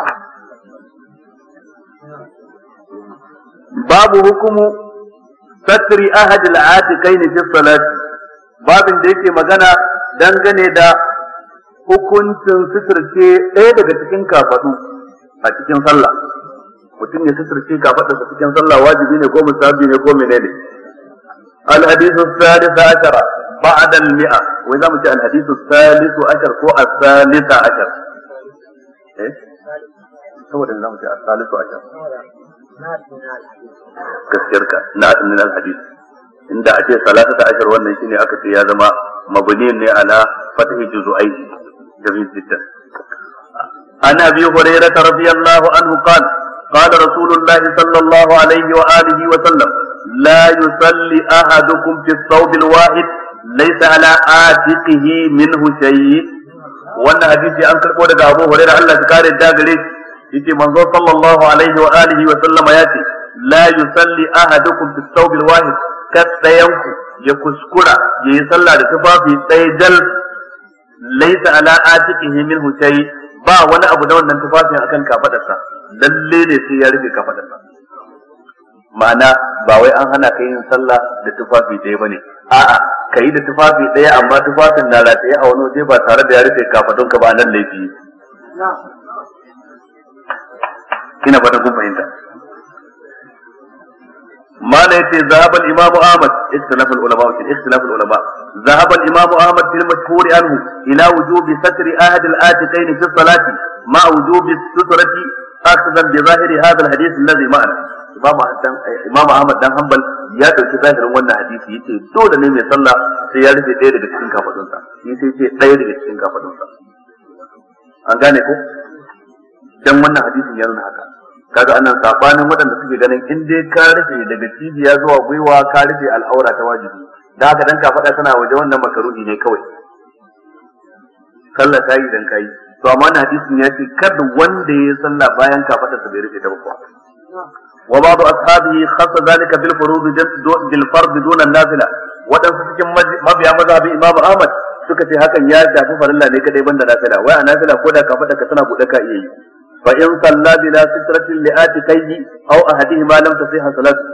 babu hukumu satri ahad al-atiqain fi salat babin da yake magana dangane da hukuncin sitirce ɗaya daga cikin kafadu a cikin sallah mutum ya sitirce kafadu a cikin sallah wajibi ne ko musabbi ne ko menene al-hadithu thalitha ashara ba'da al-mi'a wai zamu ce al-hadithu thalithu ashar ko as-thalitha ashar eh saboda zamu ce as-thalithu gaskiyarka na asalin alhadis inda ake salata ta ashar wannan shine aka ce ya zama mabni ne ala fatihi juz'ai jami'in jiddan an abi hurairah radiyallahu anhu qala قال رسول sallallahu صلى الله عليه وآله وسلم لا يصلي أحدكم في الثوب الواحد ليس على آتقه منه wannan hadisi an karɓo daga Abu Hurairah Allah ya kare da gare shi yace manzo sallallahu alaihi wa alihi wa sallama yace la yusalli ahadukum bi thawb al wahid kadayanku ya kuskura ya yi sallah da tufafi ɗaya jal laysa ala atikihi min hutai ba wani abu da wannan tufafin akan kafadarsa lalle ne sai ya rufe kafadarsa ma'ana ba wai an hana ka yin sallah da tufafi ɗaya bane a'a ka yi da tufafi ɗaya amma tufafin na rataye a wani waje ba tare da ya rufe kafadunka ba nan laifi ina fatan kun fahimta mala yace zahaba al-imam Ahmad ikhtilaf al-ulama wa ikhtilaf al-ulama zahaba al-imam Ahmad bil mashhur anhu ila wujub satr ahad al-atiqain fi salati ma wujub sutrati akhdan bi zahiri hadha al-hadith alladhi ma'ana imam Ahmad dan hanbal ya dauki zahirin wannan hadisi yace dole ne mai sallah sai ya rufe daya daga cikin kafadunsa sai sai ce daya daga cikin kafadunsa an gane ko dan wannan hadisin ya nuna haka kaga annan sabanin waɗanda suke ganin in dai ka rufe daga cibiya zuwa gwiwa ka rufe al'aura ta wajibi da haka dan ka faɗa tana waje wannan makaruhi ne kawai sallah ta yi dan kai to amma wannan hadisin ya ce kada wanda ya sallah bayan ka faɗa bai rufe ta ba wa ba'du ashabihi khassa zalika bil furud bil fard dun nafila waɗansu cikin mabiya mazhabi Imam Ahmad suka ce hakan ya shafi farilla ne kadai banda nafila wai a nafila ko da ka faɗa ka tana buɗe ka iya yi فإن صلى بلا سترة لآتكيه أو أحدهما لم تصح صلاته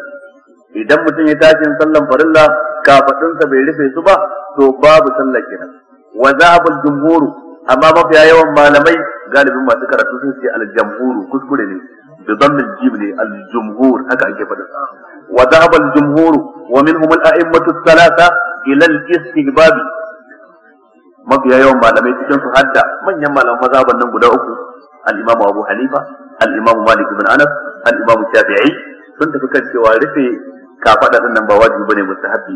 idan mutum ya tashi sallan farilla kafadunsa bai rufe su ba to babu sallah kenan wa zahabul jumhuru amma mafiya yawan malamai galibin masu karatu sun ce al-jumhuru kuskure ne bi dhammil jim ne al-jumhur haka ake faɗa wa zahabul jumhuru wa minhum al-a'immatu thalatha ila al-istihbab mafiya yawan malamai cikin su hadda manyan malaman mazhaban nan guda uku al Abu Hanifa al-Imam Malik ibn Anas al-Imam Shafi'i sun tafi kan cewa rufe kafaɗa din nan ba wajibi bane mustahabi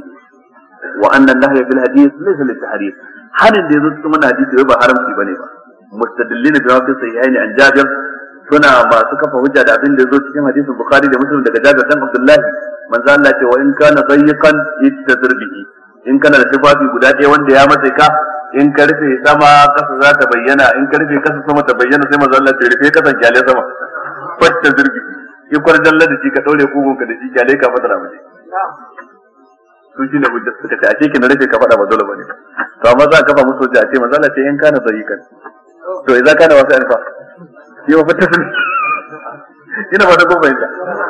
wa anna an-nahya fil hadith laysa lit-tahrim hanin da yazo cikin wannan hadisi ba haramci bane ba mustadillin bi ma fi sahihaini an Jabir suna masu kafa hujja da abin da yazo cikin hadisin Bukhari da Muslim daga Jabir dan Abdullah manzo Allah ce wa in kana dayyiqan ittadir bihi in kana da tufafi guda ɗaya wanda ya matse ka in ka rufe sama kasa za ta bayyana in ka rufe kasa sama ta bayyana sai manzo Allah ya rufe kasan kyale sama fatta zurbi ikwar dalla da ka daure kugun ka da shi kyale ka fadara mu su shi ne hujjar suka ce a ce kin rufe ka fada ba dole bane to amma za ka kafa musu hujja a ce manzo Allah ce in kana zayyikan to idan kana wasu alfa shi ba fatta zurbi ina ba da gobe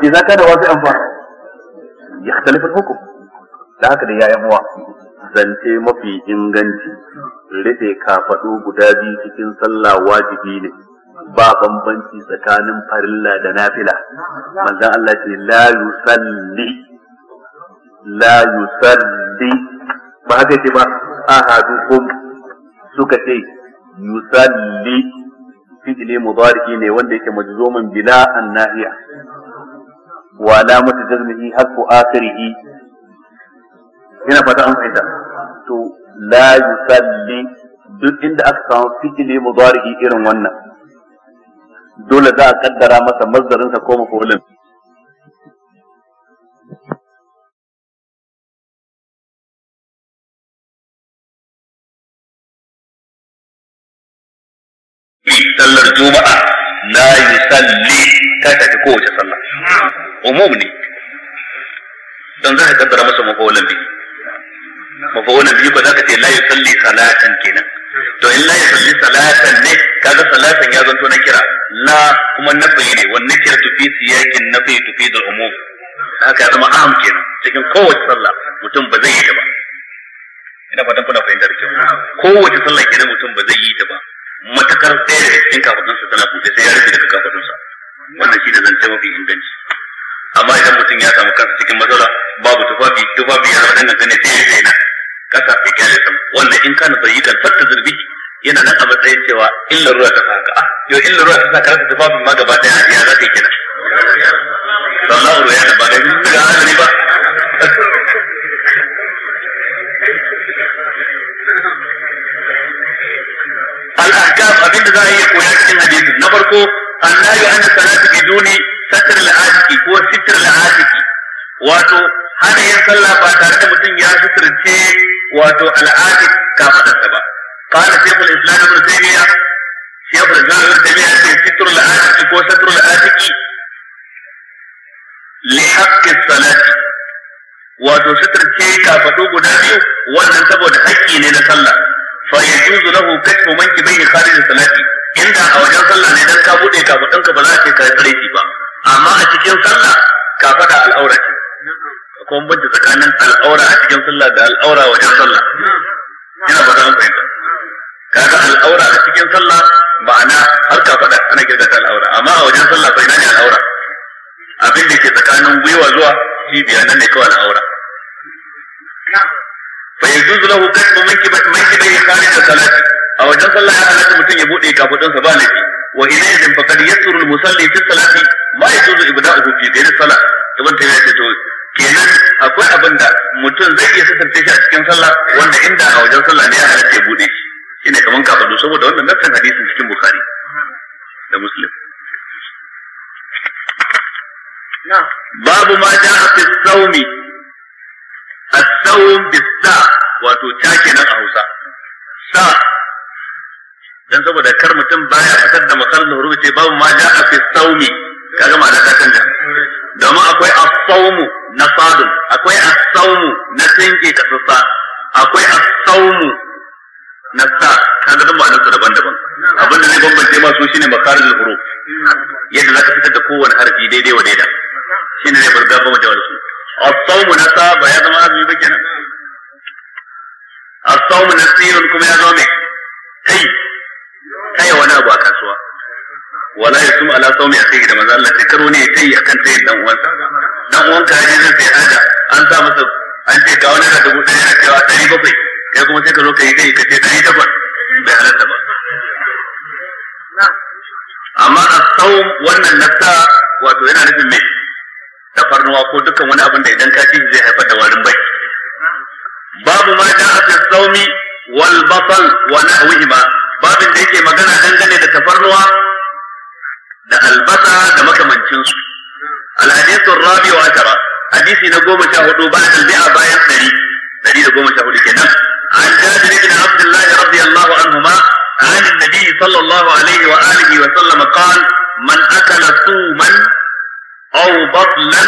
idan kana wasu alfa Ya al-hukm da haka da yayan uwa zance mafi inganci rufe kafaɗo guda biyu cikin sallah wajibi ne ba bambanci tsakanin farilla da nafila manzon Allah ce la yusalli la yusalli ba haka ce ba ahadukum suka ce yusalli fi'li mudari ne wanda yake majzuman bila annahiya wa alamatu jazmihi hasbu akhirih ina fata an fahimta to la yusalli duk inda aka samu fi'ili mudari'i irin wannan dole za a kaddara masa sa ko mafulin sallar juma'a la yusalli ta tafi kowace sallah umum ne dan za a kaddara masa mafulin biyu mafa'ulun biyu ba za ka ce la salli salatan kenan to in la salli salatan ne kaga salatan ya zanto na kira la kuma nafi ne wannan kira tufi siyakin nafi tufi da umu haka ya zama aham kenan cikin kowace sallah mutum ba zai yi ta ba ina fatan kuna fahimtar kyau kowace sallah kenan mutum ba zai yi ta ba matakar tsaye da cikin kafadunsa tana buɗe sai ya rufe daga kafadunsa wannan shi ne zance mafi inganci amma idan mutum ya samu kansa cikin matsala babu tufafi tufafi yana da dangane sai ya daina kasa sai kyale sama wannan in kana bayyana fatta zurbi yana nan a matsayin cewa in larura ta saka a ah, yau in larura ta saka rasa tufafin ma gaba daya ya za ta yi kenan sallahu ruwa da ba da ga hadari ba al-ahkam abinda za a iya koya cikin hadisin na farko annabi an salatu biduni satr al-atiki ko sitr al-atiki wato hana yin sallah ba tare da mutum ya suturce wato al'adis da ba qala shaykhul islam ibn taymiya shaykhul islam ibn taymiya ce sitrul al'adis ko satrul al'adis li haqqi salati wato kafa kafadu guda biyu wannan saboda haƙƙi ne na sallah fa yajuzu lahu kashfu manki bayni kharij salati inda a wajen sallah ne dan ka bude kafadunka ba za ka kai kare ba amma a cikin sallah kafada al'aura ce bambanci tsakanin al'aura a cikin sallah da al'aura wajen sallah ina ba zan fahimta kaga al'aura a cikin sallah ma'ana har ka faɗa ana girga ta al'aura amma a wajen sallah bai nani al'aura abin da ke tsakanin gwiwa zuwa cibiya nan ne kawai al'aura bai yanzu lahu kasbu mu minki bai kare da salat a wajen sallah ya halatta mutum ya bude kafudansa ba laifi wa ilayhi faqad yasru al-musalli fi salati ma yajuzu ibda'uhu fi ghairi salat ibn tayyib ya ce to kenan akwai abin da mutum zai iya sasanta shi a cikin sallah wanda inda a wajen sallah ne ya halatta ya bude shi shine kaman kafadu saboda wannan nassan hadisin cikin bukhari da muslim babu ma da fi saumi as-sawm bis-sa wato ta nan a Hausa sa dan saboda kar mutum baya fitar da masal da rubuce babu ma da fi saumi kaga da ta da domin akwai asaumu na sadun akwai asaumu na tinke ka sassa akwai asaumu na sa kaga da ma'anar su daban-daban abinda zai bambance ma su shine makarin huruf yadda zaka fitar da kowane harfi daidai wa daida shine ne burga ba da wani su asaumu na sa ba ya zama azumi ba kenan asaumu na sirrin kuma ya zama mai kai kai wani abu a kasuwa wala yasum ala sawmi akhihi da manzo Allah sai karo ne sai akan tayin dan uwansa dan uwanka ya je sai haja an sa masa an ce ga wani da dubu ɗaya da cewa ɗari bakwai kai kuma sai ka zo ka yi kai ka ce ɗari takwas bai halatta ba amma a sau wannan nasa wato yana nufin mai tafarnuwa ko dukkan wani abin da idan ka ci zai haifar da warin bai babu ma da a tsaumi wal basal wa nahwihima babin da yake magana dangane da tafarnuwa da albasa da makamancinsu. su alhadithu rabi wa ashara hadisi na goma sha hudu ba da bi'a bayan dari dari da goma sha hudu kenan an Abdullahi jabir ibn abdullah radiyallahu anhuma عن النبي صلى الله عليه وآله وسلم قال من أكل ثوما أو بطلا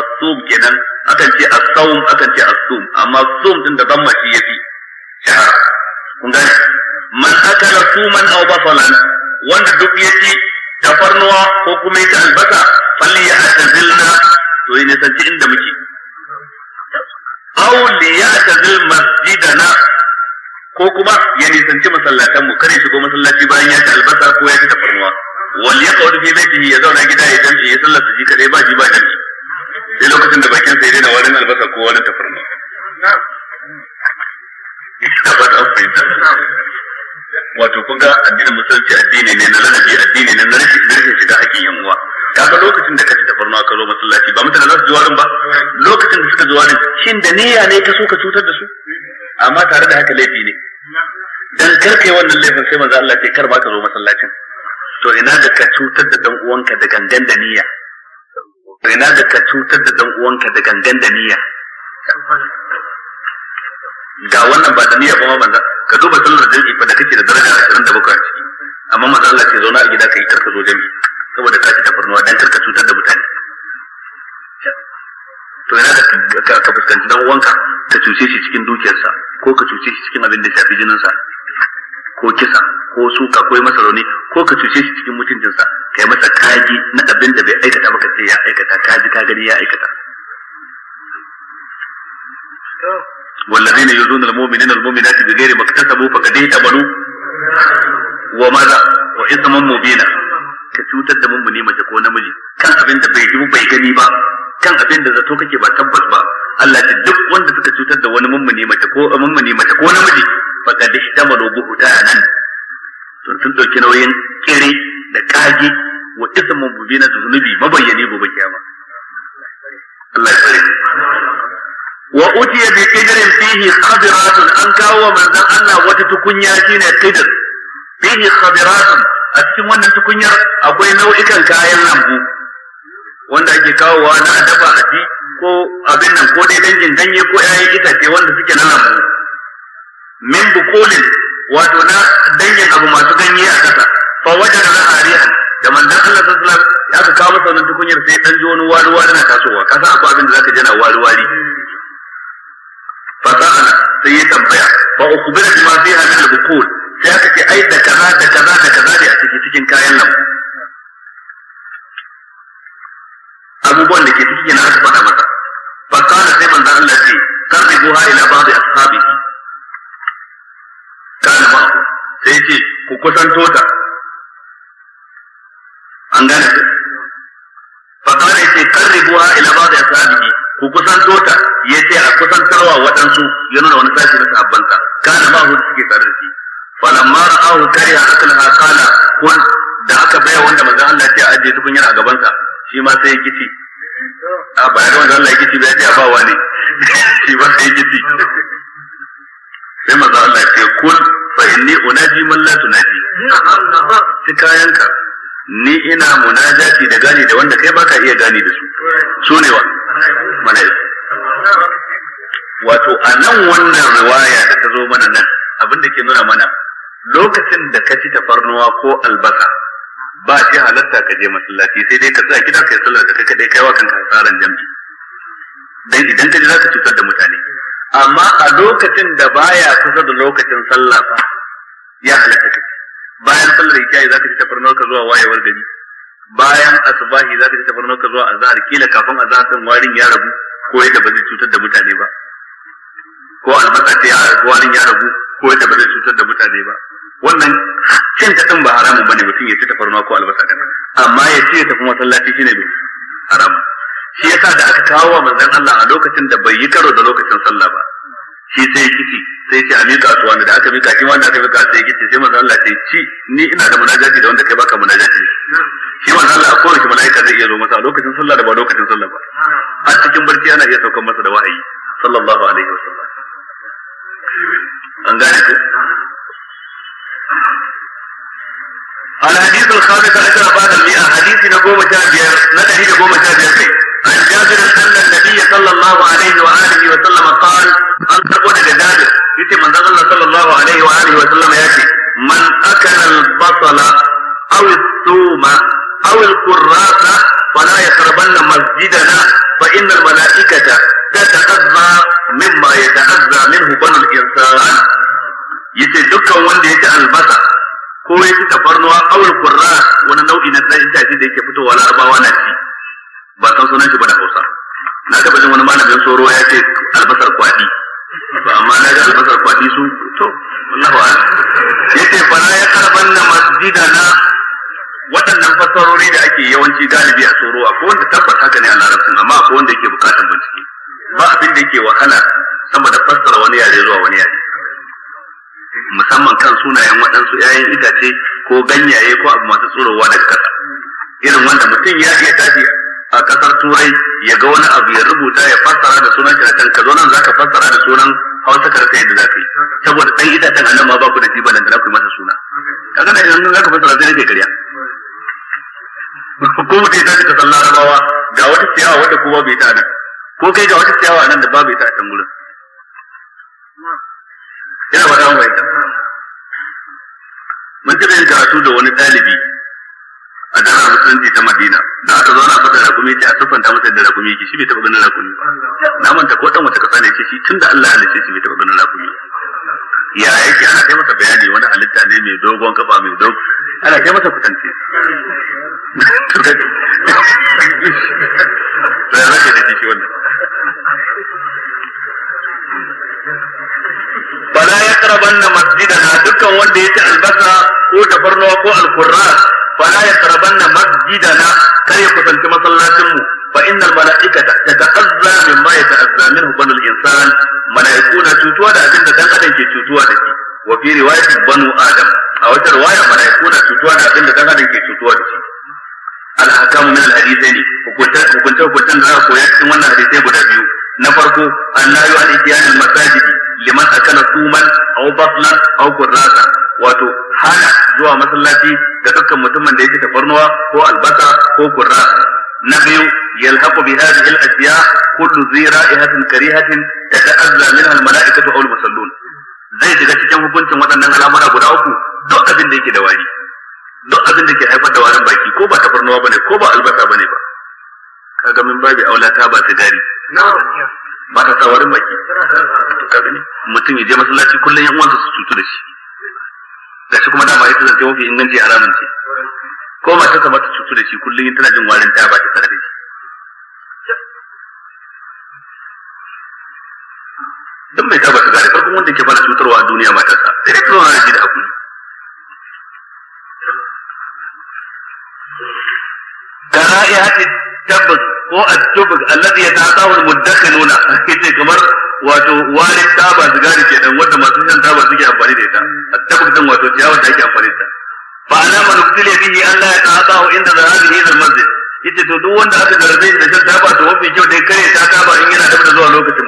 الثوم kenan akan ce as-sawm akan ce as-sum amma sum din da zamma shi yafi kun gane man akala suman aw basalan wanda duk ya ci tafarnuwa ko kuma ita albasa falli ya ta zilna to yi nisanci inda muke aw li ya ta zil masjidana ko kuma ya nisanci masallatan mu kare shigo masallaci bayan ya ta albasa ko ya ci tafarnuwa wal yaqud fi baitihi ya zauna gida ya jam'i ya sallar su ji kare ba ji ba jam'i sai lokacin da bakin sai daina warin albasa ko wani tafarnuwa wato kun ga addinin musulunci addini ne na ladabi addini ne na rashin shiga hakkin yan uwa kaga lokacin da ka da tafarnuwa ka zo masallaci ba mutane za su ji warin ba lokacin da suka ji warin shin da niyya ne ka so ka cutar da su amma tare da haka laifi ne dan kar wannan laifin sai manzo Allah ya kar ba ka zo masallacin to ina da ka cutar da dan uwanka da gangan da niyya ina da ka cutar da dan uwanka da gangan da niyya ga wannan ba da niyya ba manzo ka duba sallar jami'i fa da kake da daraja 27 a ciki amma manzo Allah ce zauna a gida kai karka zo jami'i saboda ka ci tafarnuwa dan karka cutar da mutane to yana da ka fuskanci dan wanka ka cuce shi cikin dukiyarsa ko ka cuce shi cikin abin da shafi jininsa ko kisa ko suka ko masa rauni ko ka cuce shi cikin mutuncinsa kai masa kaji na abin da bai aikata maka sai ce ya aikata kaji ka gani ya aikata والذين يؤذون المؤمنين والمؤمنات بغير ما اكتسبوا فقد اهتملوا وماذا وإثما مبينا ka cutar da mummuni mace ko namiji kan abin da bai bai gani ba kan abin da zato kake ba tabbas ba Allah ta duk wanda suka cutar da wani mummuni mace ko mummuni mace ko namiji faqad ihtamalu buhtanan to sun dauki nauyin kire da kage wa ismun zunubi mabayyane gobe kiyama Allah ya wa utiya bi qidrin fihi khadiratun an kawo manzon Allah wata tukunya shine qidr fihi khadiratun a cikin wannan tukunyar akwai nau'ikan kayan lambu wanda ake kawowa na dafa a ci ko abin nan ko dai dangin ganye ko ƴaƴan itace wanda suke na lambu min bukulin wato na dangin abu masu ganye a kasa fa wajen na arihan da manzon Allah sallallahu alaihi wasallam ya ka kawo masa wannan tukunyar sai dan ji wani wari wari na tasowa kasa akwai abin da zaka ji na wari wari fasa'ala sai ya tambaya ba ukubir bima fiha min al-buqul sai aka ce da kaza da kaza da kaza da a cikin kayan lambu abubuwan da ke ciki yana aka faɗa masa fasa'ala sai manzo Allah ce qarribuha ila ba'd ashabiki kana ba sai ce ku kusanto ta an gane ku fasa'ala sai qarribuha ila ba'd ashabiki ku kusanto ta ya ce a kusantarwa waɗansu ya nuna wani sashi na sahabbansa kana ba hudu suke tare da shi falamma ra'ahu kariha akalha qala kun da aka baya wanda manzon Allah ya ajiye tukun yana a gabansa shi ma sai ya kici a da wanda Allah ya kici bai ce a ba wani shi ba sai ya kici sai manzon Allah ya ce kun fa inni unaji man la tunaji shi kayanka ni ina munajati da gani da wanda kai baka iya gani da su su ne wa mala'iku wato a nan wannan riwaya da ta zo mana nan abin da ke nuna mana lokacin da ka ci tafarnuwa ko albasa ba shi halatta ka je masallaci sai dai ka tsaya gida kai sallar da kai kadai kai wa kanka tsaran jami'i dan idan ka ji za ka cutar da mutane amma a lokacin da baya kusa da lokacin sallah ba ya halatta ka bayan sallar za ka ji tafarnuwar ka zuwa wayewar gari bayan za ka ji tafarnuwar ka zuwa azhar kila kafin azhar din warin ya rabu ko yadda ba zai cutar da mutane ba ko albasa ta warin ya rabu ko yadda ba zai cutar da mutane ba wannan cin ta din ba haramun bane mutum ya ci tafarnuwa ko albasa din amma ya ci ta kuma masallaci shine ne haramun shi yasa da aka kawo wa manzon Allah a lokacin da bai yi karo da lokacin sallah ba shi sai kici sai ce a miƙa su wanda da aka mika shi wanda aka mika sai gice sai manzo Allah ce ci ni ina da munajati da wanda kai baka munajati shi manzo Allah ko shi malaika zai iya zo masa a lokacin sallah da ba lokacin sallah ba a cikin barci ana iya saukan masa da wahayi sallallahu alaihi wasallam an gane ko الحديث الخامس عشر بعد المئة حديث نقوم شابير ندري نقوم شابير في جابر أن النبي صلى الله عليه وآله وسلم قال أنت قد جابر yace manzon Allah sallallahu alaihi wa alihi wa sallam ya ce man akala al-basala aw as-suma aw al-qurrata fala yaqrabanna masjidana fa inna al-malaikata tata'azza mimma yata'azza minhu bani al-insan yace dukkan wanda yace albasa ko yace tafarnuwa aw al-qurra wani nau'i na tsayin da yake fitowa larabawa na ci ba san sunan shi ba da Hausa na ga jin wani malamin soro ya ce albasar kwadi ba amma na ga albasar kwaɗi su to wallahu a'lam yace fala ya masjida na. waɗannan fassarori da ake yawanci galibi a tsoro ko wanda tabbata haka ne a larabcin amma akwai wanda yake bukatar bincike ba abin da yake wahala sama da fassara wani yare zuwa wani yare musamman kan sunayen waɗansu 'ya'yan itace ko ganyaye ko abu masu tsorowa daga ƙasa irin wanda mutum ya iya tashi a ƙasar turai ya ga wani abu ya rubuta ya fassara da sunan shi a ka zo nan zaka fassara da sunan hausa karta yadda zaka yi saboda dan itacen annan ma ba ku da shi ba nan da ku yi masa suna kaga da idan zaka fassara sai ne kariya ko mutum ta ta sallar rabawa ga wata ciyawa wadda kuma bai ta nan ko kai ga wata ciyawa nan da ba bai ta a can gurin yana ba dan bai ta mun taɓa yin karatu da wani ɗalibi a daren musulunci ta madina da aka zauna masa da rakumi ta siffanta masa da rakumi ki shi bai taɓa ganin rakumi na manta ko dan wata kasa ne ce shi tun da Allah ya halice shi bai taɓa ganin rakumi ya yake ana kai masa bayani wani halitta ne mai dogon kafa mai dogon ana kai masa kusanci sai rage da shi wannan bala ya masjidana dukkan wanda ya ci albasa ko tafarnuwa ko alkurras fala yaqrabanna masjidana kar ya kusanci masallacin mu fa innal malaikata tata'azza mimma yata'azza minhu banul insan malaiku na cutuwa da abin da dan adam ke cutuwa da shi wa fi riwayati banu adam a wata riwaya malaiku na cutuwa da abin da dan adam ke cutuwa da shi al-ahkam min al-hadithain hukunta koya cikin wannan guda biyu na farko an al-ityan al-masajidi liman akala suman aw baslan aw qurrata wato hana zuwa masallaci ga dukkan mutumin da yake tafarnuwa ko albasa ko qurra na biyu yalhaqu bi hadhihi al-ashya kullu zi ra'ihatin karihatin tata'azza minha al-mala'ikatu aw al-musallun zai shiga cikin hukuncin waɗannan al'amura guda uku duk abin da yake da wari duk abin da ke haifar da warin baki ko ba tafarnuwa bane ko ba albasa bane ba kaga min babi aulata ba ta gari na'am Mata warin baki ka gani mutum ya je masallaci kullum yan uwansa su cutu da shi da shi kuma dama ita zance mafi inganci haramun ce ko mata ta mata cutu da shi kullum tana jin warin ta ba ta tare da shi dan mai taba sigari farkon wanda ke fara cutarwa a duniya matarsa sai dai ta zauna da shi da hakuri كرائحة التبغ ko at alladhi yata'atahu al kace kamar wato wani taba sigari ke dan wanda masu shan taba suke amfani da ita at din wato ciyawa wanda yake amfani da fa alama nuktili bihi an la yata'atahu inda zahabihi ila da masjid yace to duk wanda aka garbe da shan taba to mafi kyau da kare ta taba in yana dabda zuwa lokacin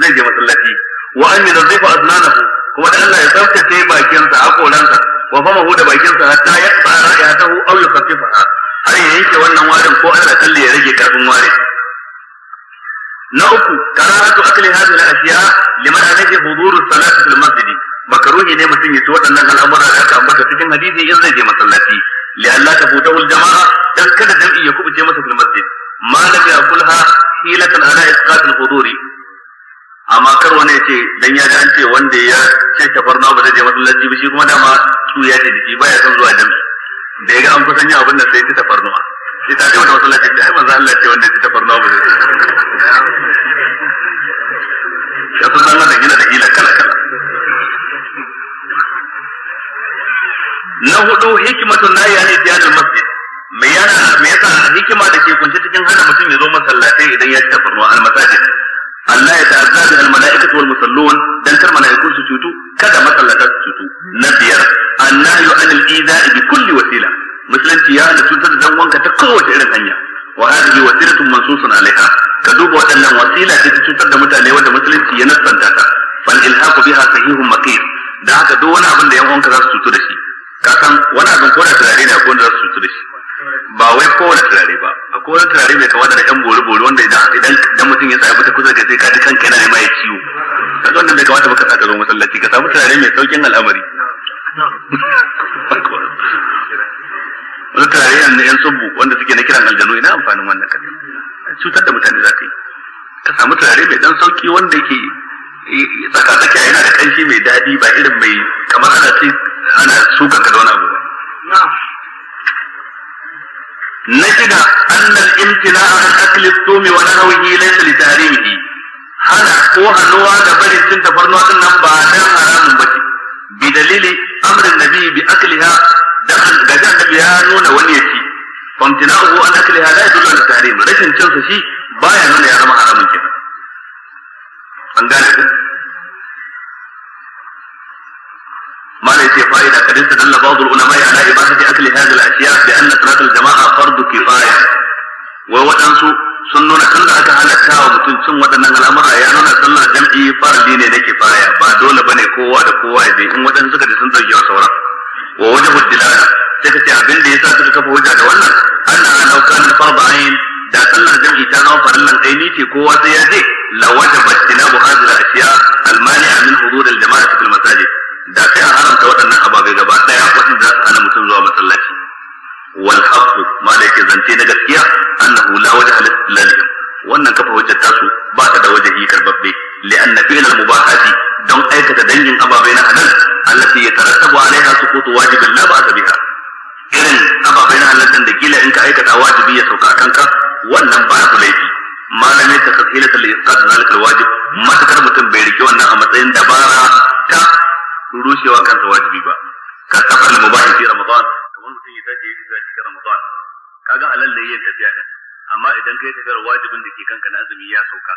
zai je masallaci wa an yadhifa aznanahu kuma dan Allah ya tsaftace bakinsa akolansa wa hu da bakinsa hatta ya tsara ya tahu au yukhaffifaha Har yi yanke wannan warin ko Allah kalle ya rage karfin warin na uku karatu akli hadu al-ashiya liman alaihi huduru salati fil masjid makaruhi ne mutum ya ci waɗannan al'amura da aka ambata cikin hadisi in zai je masallaci ta tafuta wal jama'a dan kada jam'i ya kubuce masa fil masjid ma lam yakulha hilatan ala isqat al-huduri amma kar wani ya ce dan ya ji ce wanda ya ce tafarna ba zai je masallaci ba shi kuma dama su ya ce ba baya son zuwa jam'i da ya ga an kusan yi abin da sai ta tafarnuwa shi ta ce wani masallaci ta yi maza Allah ce wanda ta tafarnuwa ba zai ya san dan da gina da gina kala kala na hudu hikimatun la ya itiyan al masjid me yana me yasa hikima da ke kunshe cikin hana mutum ya zo masallatai idan ya ci tafarnuwa al masajid Allah ya ta'azza bi al-mala'ikatu wal musallun dan tar mala'iku su cutu kada masallata su cutu na biyar annahu anil iza'i bi kulli wasila musulunci ya da cutar da wanka ta kowace irin hanya wa hadhihi wasilatun mansusun alaiha ka duba waɗannan wasila ce ta cutar da mutane wanda musulunci ya nasanta ta fal ilhaqu biha sahihun maqir da haka duk wani abin da yan wanka za su cutu da shi ka san wani abin ko da tunani ne ko wanda za su cutu da shi ba wai kowane turare ba a kowane turare mai kawo da na yan bori bori wanda idan idan mutum ya tsaya ta kusa da sai kaji kanka yana mai ciwo kaga wannan bai kamata baka ka tsaka zo masallaci ka samu turare mai saukin al'amari wani turare yan na yan sabu wanda suke na kiran aljanu ina amfanin wannan kan cutar da mutane za ta yi ka samu turare mai dan sauki wanda yake eh, tsaka tsakiya yana da kanshi mai daɗi ba irin mai kamar ana ce ana sukan ka da wani abu ba na shida annal imtina'a an akli tumi wa nahwihi laysa li tahrimihi hana ko hannuwa da barin cin tafarnuwa din nan ba dan haramun ba ce bi dalili amrin nabi bi akliha da da annabi ya nuna wani ya ci famtina'uhu an akliha la yadullu cin sa shi baya nuna gane ku ما ليس فائدة قد استدل بعض العلماء على إباحة أكل هذه الأشياء بأن صلاة الجماعة فرض كفاية ووأنسوا sun nuna tun da aka halatta wa mutum cin waɗannan al'amura ya nuna sallar jam'i fardi ne na kifaya ba dole bane kowa da kowa ya je in waɗansu suka ji sun ɗauki wa sauran wa wajen hujjilala sai ka ce abin da ya sa suka kafa hujja da wannan Allah na nauka na farba ayin da sallar jam'i ta zama nan ainihi ce kowa sai ya je la wajaba tilabu hadhihi al-ashiya al a min hudud al-jama'ati fil masajid da sai a haramta waɗannan ababai gaba ɗaya waɗanda za su hana mutum zuwa masallaci wal haqqu ma da yake zance na gaskiya annahu la wajha lillahi wannan kafa hujjar tasu ba ta da wajahi karbabbe li'anna fi'l al-mubahati don aikata dangin ababai na halal allati yatarattabu alaiha suqutu wajibin la ba'sa biha irin ababai na halal da kila in ka aikata wajibi ya sauka kanka wannan ba su laifi malamai ta tafhilata li isqat zalika al-wajib matakar mutum bai rike wannan a matsayin dabara ta rushewa kansa wajibi ba ka kafar mubahi fi ramadan kamar mutum ya tashi ya cikin ramadan kaga halal ne yin tafiya din amma idan kai tafiyar wajibin da ke kanka na azumi ya sauka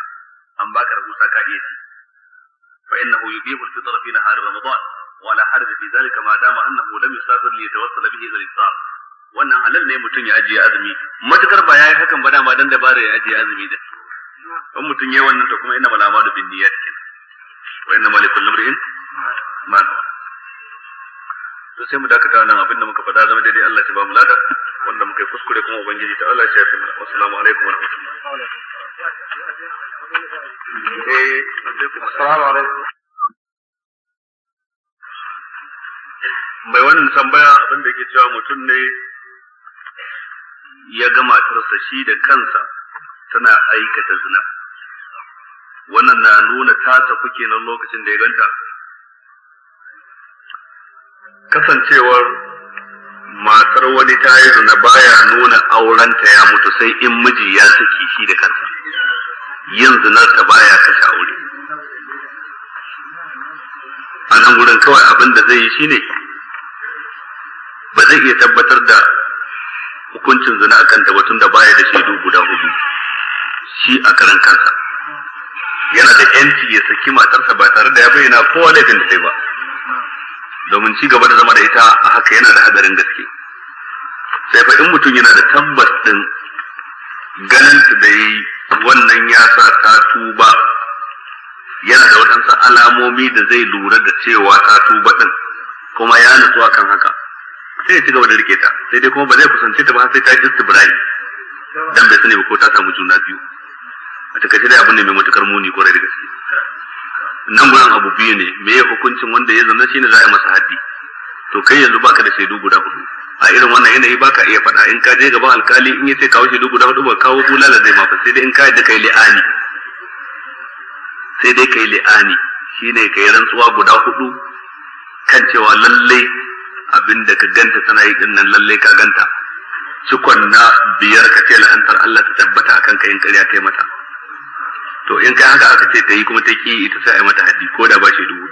an baka rahusa ka iya ci fa innahu yubihu al-fitr fi nahar ramadan wa la harj fi zalika ma dama annahu lam yusafir li yatawassala bihi ila al-iftar wannan halal ne mutum ya ajiye azumi matukar ba yayi hakan ba dama dan dabara ya ajiye azumi da in mutum yayi wannan to kuma inna malama da bin niyyat kin wa inna malikul limri'in manwa to sai mu dakata nan abin da muka faɗa zama daidai Allah ya ba mu lada wanda muka yi kuskure kuma ubangiji ta Allah ya shafe mu assalamu alaikum wa rahmatullahi eh assalamu alaikum mai wannan tambaya abin da ke cewa mutum ne ya ga matarsa shi da kansa tana aikata zina wannan na nuna tasa kuke nan lokacin da ya ganta kasancewar matar wani ta yi zina baya nuna aurenta ya mutu sai in miji ya saki shi da kansa yin zinarta baya kashe aure a nan wurin kawai abinda da zai yi shi ne? ba zai iya tabbatar da hukuncin zina akan tabbatun da baya da shaidu guda hudu shi a karan kansa yana da yanci ya saki matarsa ba tare da ya bayyana kowa laifin da sai ba domin ci gaba da zama da ita a haka yana da hadarin gaske sai fa in mutum yana da tabbas din ganin ta da yi wannan ya sa ta tuba yana da waɗansu alamomi da zai lura da cewa ta tuba din kuma ya nutsu kan haka sai ya ci gaba da rike ta sai dai kuma ba zai kusance ta ba sai ta tsibirai dan bai sani ba ko ta samu juna biyu a takaice dai abin ne mai matukar muni kwarai da gaske nan gudan abu biyu ne me ya hukuncin wanda ya zama shine za a yi masa haddi to kai yanzu baka da shaidu guda hudu a irin wannan yanayi baka iya faɗa in ka je gaban alkali in ya ce kawo shaidu guda hudu ba kawo bulala zai mafa sai dai in ka yadda kai li'ani sai dai kai li'ani shine kai rantsuwa guda hudu kan cewa lallai abin da ka ganta tana yi din nan lallai ka ganta cikon na biyar ka ce la'antar Allah ta tabbata akan ka yin ƙarya kai mata to in kai haka aka ce ta yi kuma ta ki ita sai a mata haddi ko da ba shi dubu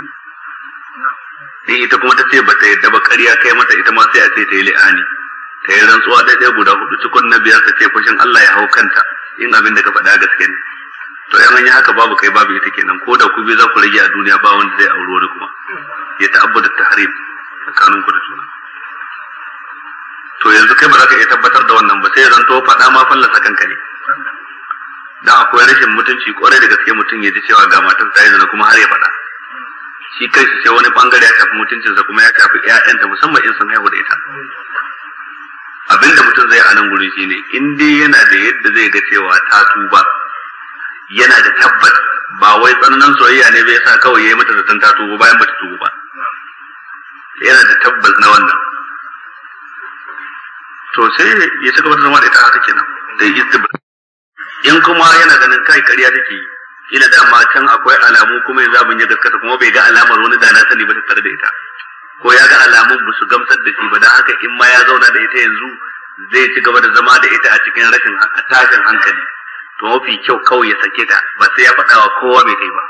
biyu in ita kuma ta ce ba ta yadda ba ƙarya kai mata ita ma sai a ce ta yi la'ani. ta yi rantsuwa ɗaya ɗaya guda hudu cikon na biyar ta ce fushin Allah ya hau kanta in abin da ka faɗa gaske ne to yan an yi haka babu kai babu ita kenan ko da ku biyu za ku rage a duniya ba wanda zai auro wani kuma ya ta'abbata tahrim tsakanin ku da juna to yanzu kai ba za ka iya tabbatar da wannan ba sai zan to faɗa ma fallasa kanka ne da akwai rashin mutunci kwarai da gaske mutum ya ji cewa ga matar ta yi zina kuma har ya faɗa shi kai shi sai wani bangare ya shafi mutuncinsa kuma ya shafi ƴaƴanta musamman in sun haihu da ita abinda mutum zai a nan gurin shine in dai yana da yadda zai ga cewa ta tuba yana da tabbas ba wai tsananan soyayya ne bai sa kawai yayi mata zaton ta tuba bayan bata tuba ba yana da tabbas na wannan to sai ya ci gaba da zama da ita haka kenan da istibra in kuma yana ganin kai ƙarya take ina da amma can akwai alamu kuma yanzu abin ya gaskata kuma bai ga alamar wani da na sani ba tare da ita ko ya ga alamun ba su gamsar da shi ba dan haka in ma ya zauna da ita yanzu zai ci gaba da zama da ita a cikin rashin tashin hankali to mafi kyau kawai ya sake ta ba sai ya faɗa wa kowa bai kai ba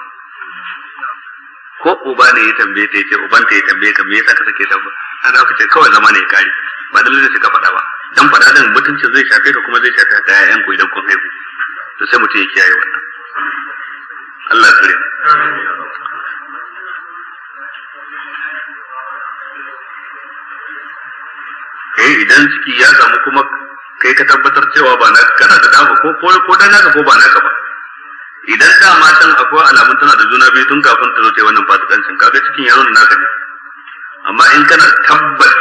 ko uba ne ya tambaye ta yace uban ta ya tambaye ka me yasa ka sake ta ba ana ku ce kawai zama ne ya kare ba dalilin da suka faɗa ba dan faɗa din mutuncin zai shafe ka kuma zai shafe ka yayan ku idan kun haihu to sai mutum ya kiyaye wannan Allah kare eh idan ciki ya samu kuma kai ka tabbatar cewa ba na kana da dama ko ko ko dan naka ko ba naka ba idan da matan akwai alamun tana da juna biyu tun kafin ta zo ta wannan fasikancin kaga cikin yaron naka ne amma in kana tabbatar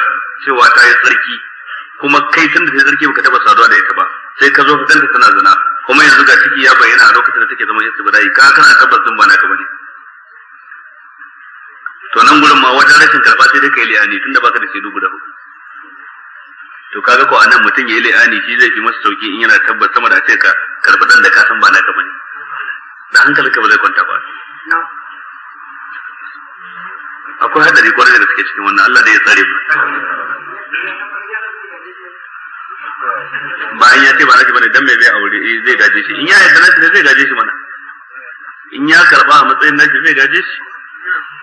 cewa ta yi tsarki kuma kai tun da ta yi tsarki baka taba saduwa da ita ba sai ka zo ka danta tana zina kuma yanzu ga ciki ya bayyana a lokacin da take zama istibda'i ka kana tabbas din ba naka bane to nan gurin ma wajen rashin karɓa sai dai kai li'ani tunda baka da shaidu guda hudu to kaga ko anan mutum ya yi la'ani shi zai fi masa sauki in yana tabbas sama da ce ka karba ɗan da ka san ba naka bane da hankalinka ba zai kwanta ba akwai hadari kwarai da suke cikin wannan Allah da ya tsare mu bayan ya ce ba nashi bane dan me bai aure eh, zai gaje shi in ya yarda nashi ne zai gaje shi mana in ya karba a matsayin nashi zai gaje shi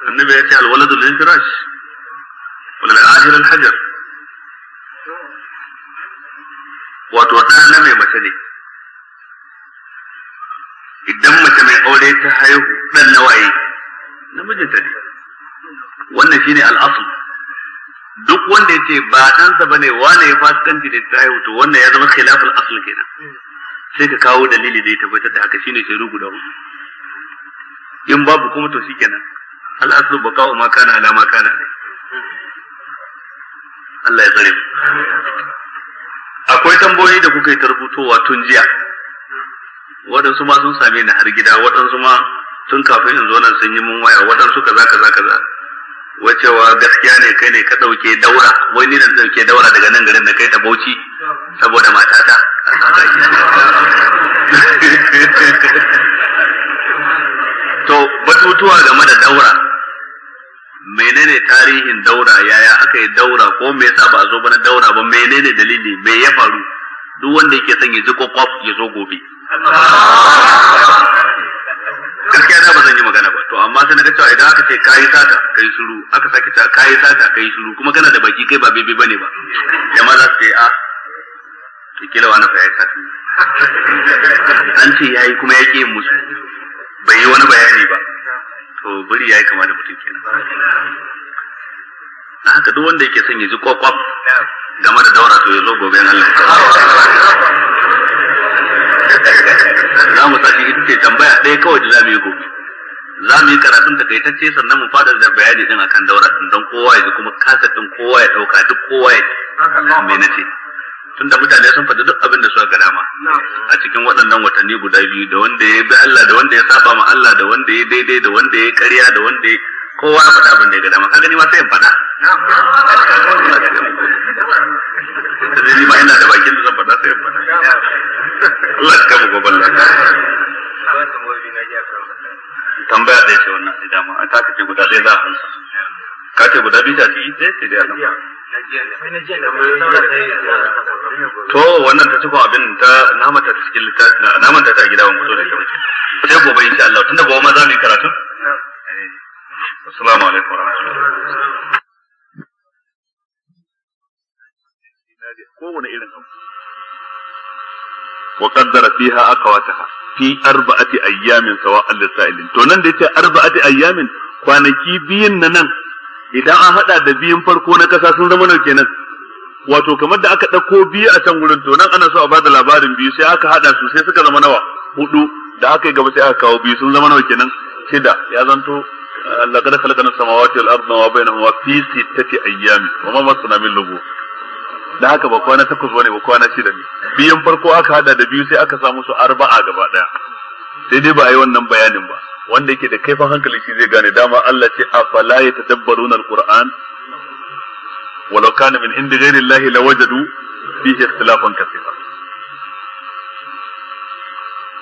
annabi ya ce alwaladu lil firash wal akhir al hajar wato ta na mai mace ne idan mace mai aure ta haihu dan nawaye ta ne wannan shine al'asul duk wanda ya ce ba ɗansa ba ne wane ya fasikanci da ta haihu to wannan ya zama khilafin asul kenan sai ka kawo dalili da ya tabbatar da haka shine shaidu guda hudu in babu kuma to shikenan al'asul ba kawo ma kana alama kana ne Allah ya tsare akwai tambayoyi da kuka yi tarbutowa tun jiya waɗansu ma sun same ni har gida waɗansu ma tun kafin in zo nan sun yi mun waya waɗansu kaza kaza kaza wacewa gaskiya ne kai ne ka ɗauke daura wai ni nan ɗauke daura daga nan garin da kai ta bauchi saboda matata to batutuwa game da daura menene tarihin daura yaya aka yi daura ko me yasa ba a zo ba na daura ba menene dalili me ya faru duk wanda yake son ya ji kwakwaf ya zo gobe gaskiya da ba zan yi magana ba to amma sai na ga cewa idan aka ce kayi sata kai suru aka sake ta kayi sata kai suru kuma kana da baki kai ba bebe bane ba jama'a za su ce a ah, kila wani fa yayi sata an ce yayi kuma ya yin musu bai yi wani bayani ba to buri yayi kama da mutum kenan na haka duk wanda yake son ya ji kwakwaf game da daura to ya zo gobe nan za mu sa ita ce tambaya ɗaya kawai da za mu yi gobe za mu yi karatun takaitacce sannan mu fada da bayani din akan daura din don kowa ya ji kuma kasafin kowa ya ɗauka duk kowa ya me ce tunda mutane sun faɗi duk abin da suka ga dama a cikin waɗannan watanni guda biyu da wanda ya bi Allah da wanda ya saba ma Allah da wanda ya daidai da wanda ya ƙarya da wanda ya kowa faɗa abin da ya ga dama ka gani ma sai in faɗa da ni ma ina da bakin da zan faɗa sai in faɗa Allah ka mu gobe Allah tambaya dai ce wannan idan ma ta kace guda dai za a hansa ka ce guda biyu ta ciki dai sai dai Allah to wannan ta cikin abin ta namata ta cikin littafi namata ta gida ban fito da ita sai gobe insha Allah tunda gobe ma za mu yi karatu assalamu alaikum wa rahmatullahi kowane irin abu wa qaddara fiha aqwataha fi arba'ati ayyamin sawa'an lisa'ilin to nan da yace arba'ati ayyamin kwanaki biyun na nan idan an hada da biyun farko na kasa sun zama nau kenan wato kamar da aka ɗauko biyu a can gurin to nan ana so a bada labarin biyu sai aka hada su suka zama nawa hudu da aka yi gaba sai aka kawo biyu sun zama nawa kenan shida ya zanto لقد خلقنا السماوات والارض وما بينهما في ستة ايام وما مسنا من لغو da haka ba kwana takwas bane ba kwana shida ne biyan farko aka hada da biyu sai aka samu su arba'a gaba daya sai dai ba a yi wannan bayanin ba wanda yake da kaifin hankali shi zai gane dama Allah ce afala yatadabbaruna alquran walau kana min inda ghairi llahi lawajadu fihi ikhtilafan kathira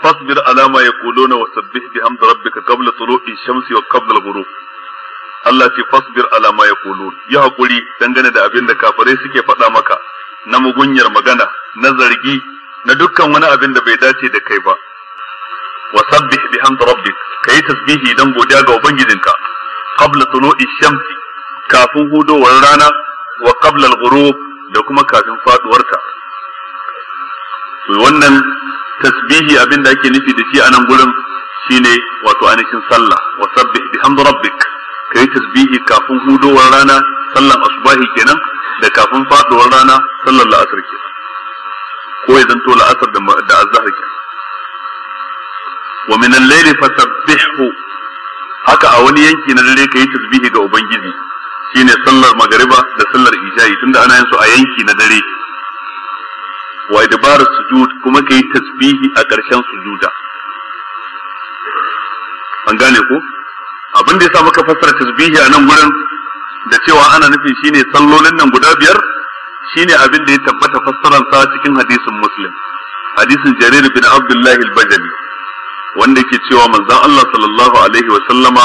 Fasbir فاصبر على ما يقولون وسبح بحمد ربك قبل طلوع الشمس وقبل الغروب Allah ce fasbir ala ma yaqulun ya hakuri dangane da abinda da suke faɗa maka na mugunyar magana na zargi na dukkan wani abin da bai dace da kai ba wa sabbih bihamdi rabbik kai tasbihi dan godiya ga ubangijinka qabla tulu'i shamsi kafin hudowar rana wa qabla al da kuma kafin faduwarta to wannan tasbihi abin da ake nufi da shi a nan gurin shine wato ainihin sallah wa sabbih bihamdi rabbik kai tasbihi kafin hudowar rana sallan asubahi kenan da kafin faduwar rana sallan la'asar kenan ko ya zanto la'asar da da azhar kenan wa min al-layli fasabbihu haka a wani yanki na dare kai tasbihi ga ubangiji shine sallar magariba da sallar isha'i tunda ana yin su a yanki na dare wa dabarar sujud kuma kai tasbihi a ƙarshen sujuda an gane ku? abin da sa muka fassara tasbihi a nan gurin da cewa ana nufin shine sallolin nan guda biyar shine abin da ya tabbata sa cikin hadisin muslim hadisin jarir bin abdullahi al-bajali wanda yake cewa manzon Allah sallallahu alaihi wa sallama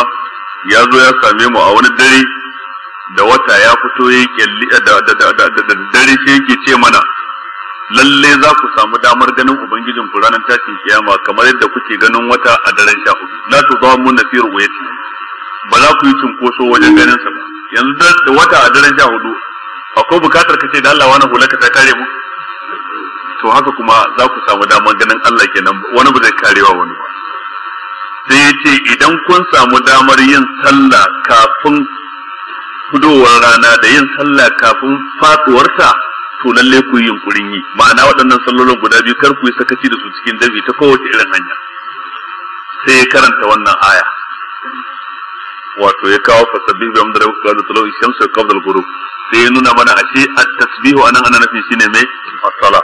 ya zo ya same mu a wani dare da wata ya fito ya da dare shi yake ce mana lalle za ku samu damar ganin ubangijin ku ranar tashin kiyama kamar yadda kuke ganin wata a daren sha hudu la tu zamu na fi ruwayati ba za ku yi cinkoso wajen ganin sa ba yanzu da wata a daren sha hudu akwai bukatar ka ce da Allah wani hulaka ta kare mu to haka kuma za ku samu damar ganin Allah kenan wani ba zai karewa wani ba sai yace idan kun samu damar yin sallah kafin fudowar rana da yin sallah kafin faduwarta to lalle ku yi yunkurin yi ma'ana waɗannan sallolin guda biyu kar ku yi sakaci da su cikin dabi ta kowace irin hanya sai ya karanta wannan aya wato ya kawo fasabbih bi amda rabbika qabla tulu'i shamsi wa qabla al-ghurub sai ya nuna mana ashe at-tasbihu anan ana nufin shine mai as-sala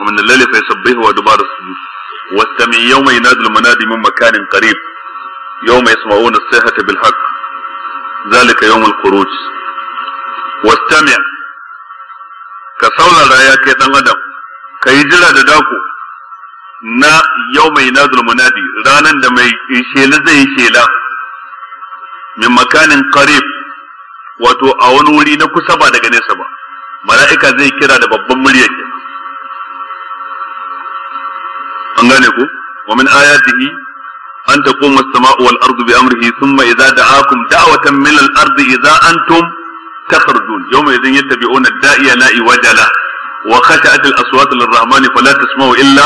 ومن الليل فيسبحه ودبار السجود واستمع يوم ينادي المنادي من مكان قريب يوم يسمعون الصيحة بالحق ذلك يوم الخروج واستمع ka saurara ya kai dan adam ka yi jira da dako na yau mai nazul munadi ranan da mai shela zai yi shela min makanin qarib wato a wani wuri na kusa ba daga nesa ba mala'ika zai kira da babban murya ke an gane ku wa min ayatihi an taqumu as-sama'u wal ardu bi amrihi thumma idza da'akum da'watan min al-ardi idza antum takardun yawma idin yattabi'una da'iya la iwajala wa khashat al aswat lir rahmani fala tasma'u illa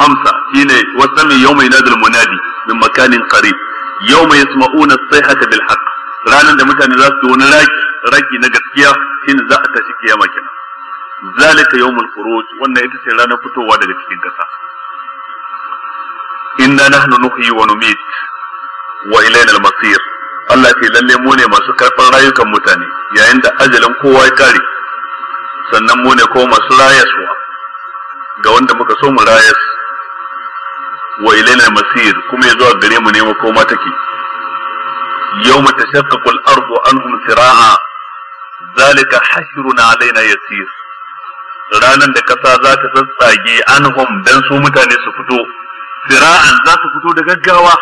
hamsa shine wasami yawma yanadul munadi min makanin yau yawma yasma'una as-sayhata bil haqq ranan da mutane za su wani raki na gaskiya shine za a tashi kiyama kenan zalika yawmul khuruj wannan ita ce ranar fitowa daga cikin kasa inna nahnu nuhyi wa numit wa ilayna al Allah ce lalle mu ne masu karɓar rayukan mutane yayin da ajalin kowa ya kare sannan mu ne ko masu rayaswa ga wanda muka so mu rayas wa ilaina masir kuma ya zuwa gare mu ne mu koma take yawma tashaqqaqu al-ardu anhum sira'a zalika hashrun alaina yasir ranan da kasa za ta tsatsage anhum dan su mutane su fito sira'an za su fito da gaggawa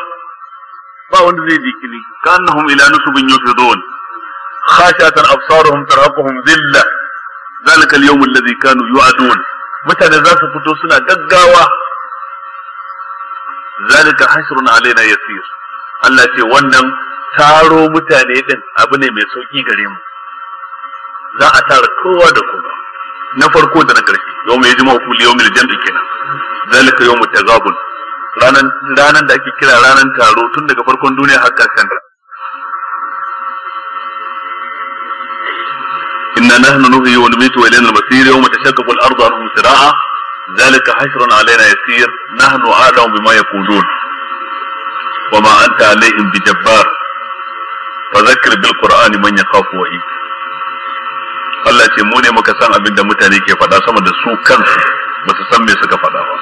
ba wanda zai jikili kannahum ila nusubin yufidun khashatan absaruhum tarhaquhum zilla zalika al-yawm alladhi kanu yu'adun mutane za su fito suna gaggawa zalika hasrun alaina yasir Allah ce wannan taro mutane din abu ne mai sauki gare mu za a tara kowa da kowa na farko da na ƙarshe yau mai jima'u kuli yau mai jam'i kenan zalika yau mutazabun ranar da ake kira ranar taro tun daga farkon duniya har karshen ta inna nahnu nuhyi wa numitu wa ilayna al-masir yawma tashaqqaqu al-ardu anhum sira'a dhalika hashrun alaina yasir nahnu a'lamu bima yaqulun wa ma anta alaihim bijabbar fadhakkir bil qur'ani man yakhafu wa'id Allah ce mu ne muka san abin da mutane ke faɗa sama da su kansu ba su san me suka faɗa ba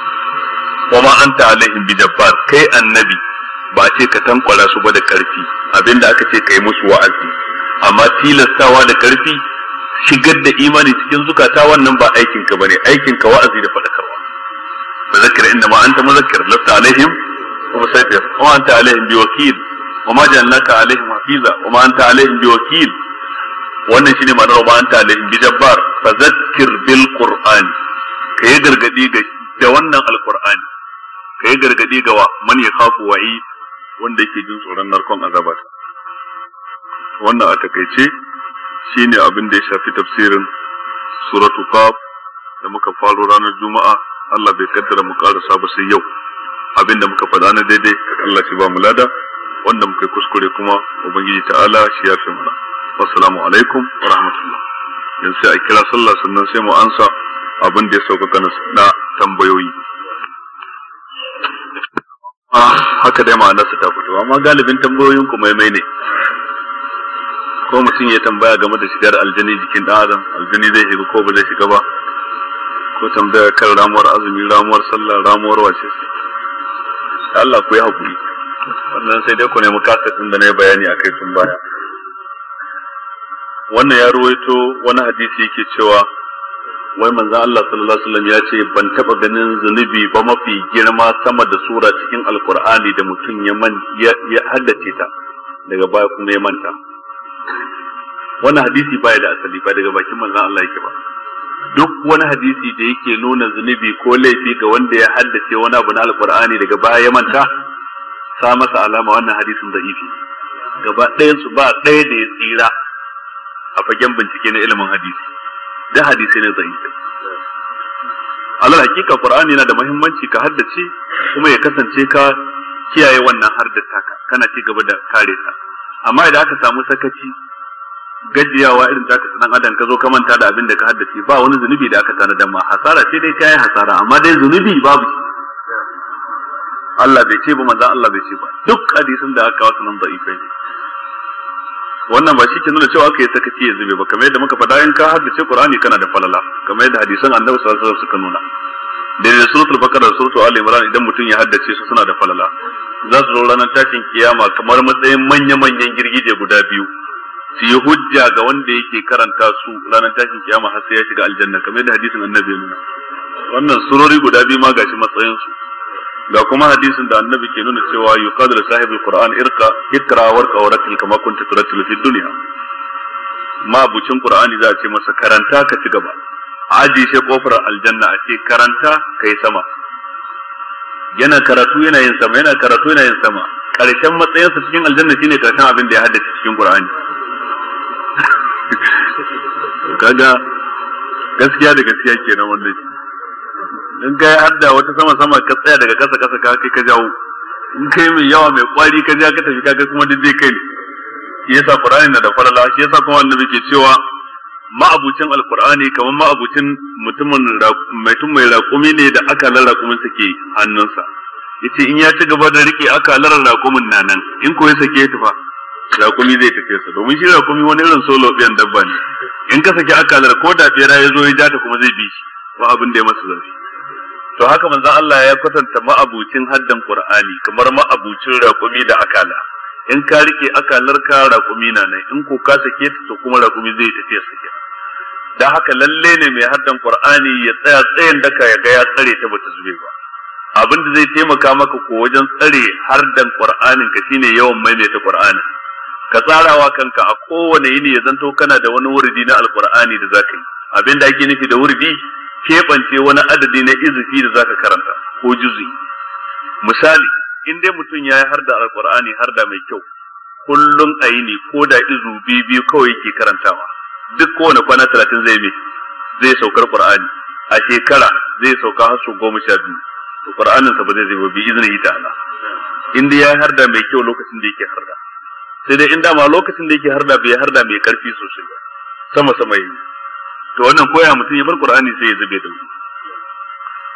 wa ma anta alaihim bijabbar kai annabi ba ce ka tankwara su ba da karfi abinda aka ce kai musu wa'azi amma tilastawa da karfi shigar da imani cikin zukata wannan ba aikin ka bane aikin ka wa'azi da fadakarwa muzakkir inda ma anta muzakkir lasta alaihim musafir wa anta alaihim biwakil wa ma ja'alnaka alaihim hafiza wa ma anta alaihim biwakil wannan shine ma'anar wa anta alaihim bijabbar fazakkir bil qur'ani kai gargadi da wannan alqur'ani Ka yi gargadi ga wa man ya kafu wa'i wanda yake jin tsoron narkon azabar wannan a takaice shine abin da ya shafi tafsirin suratu kaf da muka faro ranar juma'a Allah bai kaddara mu karasa ba sai yau abin da muka faɗa na daidai Allah shi ba mu lada wanda muka kuskure kuma ubangiji ta'ala shi ya fi mana assalamu alaikum wa rahmatullah yanzu sai a kira sallah sannan sai mu ansa abin da ya sauka na tambayoyi haka dai ma'anar su ta fito amma galibin tambayoyin ku maimai ne ko mutum ya tambaya game da shigar aljini jikin dan adam aljini zai shiga ko ba zai shiga ba ko tambaya kan ramuwar azumi ramuwar sallah ramuwar wace Allah ku yi hakuri wannan sai dai ku nemi kasafin da na yi bayani a kai tun baya wannan ya ruwaito wani hadisi yake cewa wai manzon Allah sallallahu alaihi wasallam ya ce ban taba ganin zunubi ba mafi girma sama da sura cikin alkur'ani da mutum ya haddace ta daga baya kuma ya manta wannan hadisi baya da asali ba daga bakin manzon Allah yake ba duk wani hadisi da yake nuna zunubi ko laifi ga wanda ya haddace wani abu na alkur'ani daga baya ya manta sa masa alama wannan hadisin da ifi gaba ɗayan su ba ɗaya da ya tsira a fagen bincike na ilimin hadisi da hadisi ne zai alal hakika qur'ani yana da muhimmanci ka haddace kuma ya kasance ka kiyaye wannan da taka, kana ci gaba da kare ta amma idan aka samu sakaci gajiyawa irin taka sanan adam ka zo ka manta da abin da ka haddace ba wani zunubi da aka tana ma hasara sai dai kai hasara amma dai zunubi babu Allah bai ce ba manzon Allah bai ce ba duk hadisin da aka wasu nan da'ifai ne wannan ba shi ke nuna cewa yi sakaci ya zube ba kamar yadda muka faɗa in ka haddace Qur'ani kana da falala kamar yadda hadisan Annabi sallallahu alaihi wasallam suka nuna daidai suratul baqara da suratul ali imran idan mutum ya haddace su suna da falala za su zo ranar tashin kiyama kamar matsayin manya-manyan girgije guda biyu su yi hujja ga wanda yake karanta su ranar tashin kiyama har sai ya shiga aljanna kamar yadda hadisin annabi nuna wannan surori guda biyu ma gashi matsayin su ga kuma hadisin da annabi ke nuna cewa yuqalu li sahibul qur'an irka ikra warqa warattil kama kunta turattilu fid dunya ma bucin qur'ani za a ce masa karanta ka ci gaba aji sai kofar aljanna a ce karanta kai sama yana karatu yana yin sama yana karatu yana yin sama karshen matsayinsa cikin aljanna shine karshen abin da ya haddace cikin qur'ani kaga gaskiya da gaskiya kenan wannan in ga har da wata sama sama ka tsaya daga kasa kasa ka kai ka jawo in kai mai yawa mai kwari ka ja ka tafi ka ga, kuma duk zai kai shi yasa qur'ani na da farala shi yasa kuma annabi ke cewa ma'abucin alqur'ani kamar ma'abucin mutumin mutum mai raƙumi ne da aka kuma sake hannunsa yace in ya ci gaba da rike aka rarraƙumin na nan in ko ya sake tufa raƙumi zai tafi sa domin shi raƙumi wani irin solo biyan dabba ne in ka saki lara, ko da bera ya zo ya ja ta kuma zai bi shi ba abin da ya masa zafi to haka manzo Allah ya kwatanta ma'abucin haddan Qur'ani kamar ma'abucin raƙumi da akala in ka rike akalar ka raƙumi na nan in ko ka sake ta to kuma raƙumi zai tafi sake da haka lalle ne mai haddan Qur'ani ya tsaya tsayin daka ya ga ya tsare ta bata zube ba abin da zai taimaka maka ko wajen tsare haddan Qur'anin ka shine yawan maimaita Qur'anin ka tsarawa kanka a kowane yini ya zanto kana da wani wuridi na alqur'ani da zaka yi abin da ake nufi da wuridi keɓance wani adadi na izifi da zaka karanta ko juzi misali in dai mutum ya yi har da alkur'ani har da mai kyau kullum a yi ne ko da izu biyu biyu kawai yake karantawa duk kowane kwana talatin zai mai zai saukar qur'ani a shekara zai sauka har sau goma sha biyu to qur'anin sa ba zai zai bi izinin ta'ala in dai ya yi har da mai kyau lokacin da yake har da sai dai in dama lokacin da yake har da bai har da mai karfi sosai ba sama sama yi to wannan koya mutum ya bar qur'ani sai ya zube da wuri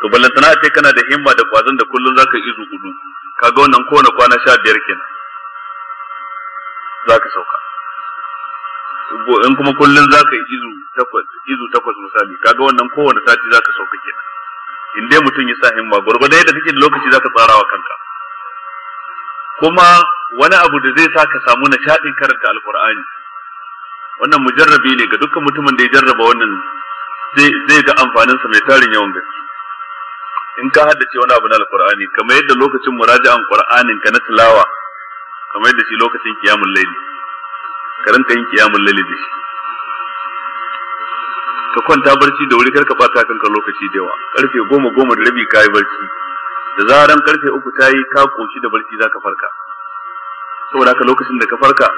to sana ce kana da himma da kwazon da kullun zaka izu Ka kaga wannan kowane kwana sha biyar kenan zaka sauka in kuma kullun zaka izu takwas izu takwas misali kaga wannan kowane sati zaka sauka kenan in dai mutum ya sa himma gurgurda yadda kake da lokaci zaka tsarawa kanka kuma wani abu da zai sa ka samu shaɗin karanta Alƙur'ani. wannan mujarrabi ne ga dukkan mutumin da ya jarraba wannan zai ga amfanin sa mai tarin yawan gaske in ka haddace wani abu na alqur'ani kamar yadda lokacin muraja'an qur'anin ka na tilawa kamar yadda shi lokacin kiyamul laili ka rinka yin kiyamul laili da shi ka kwanta barci da wuri karka bata kanka lokaci da yawa karfe goma goma da rabi yi barci da zaran karfe uku ta yi ka koshi da barci zaka farka saboda haka lokacin da ka farka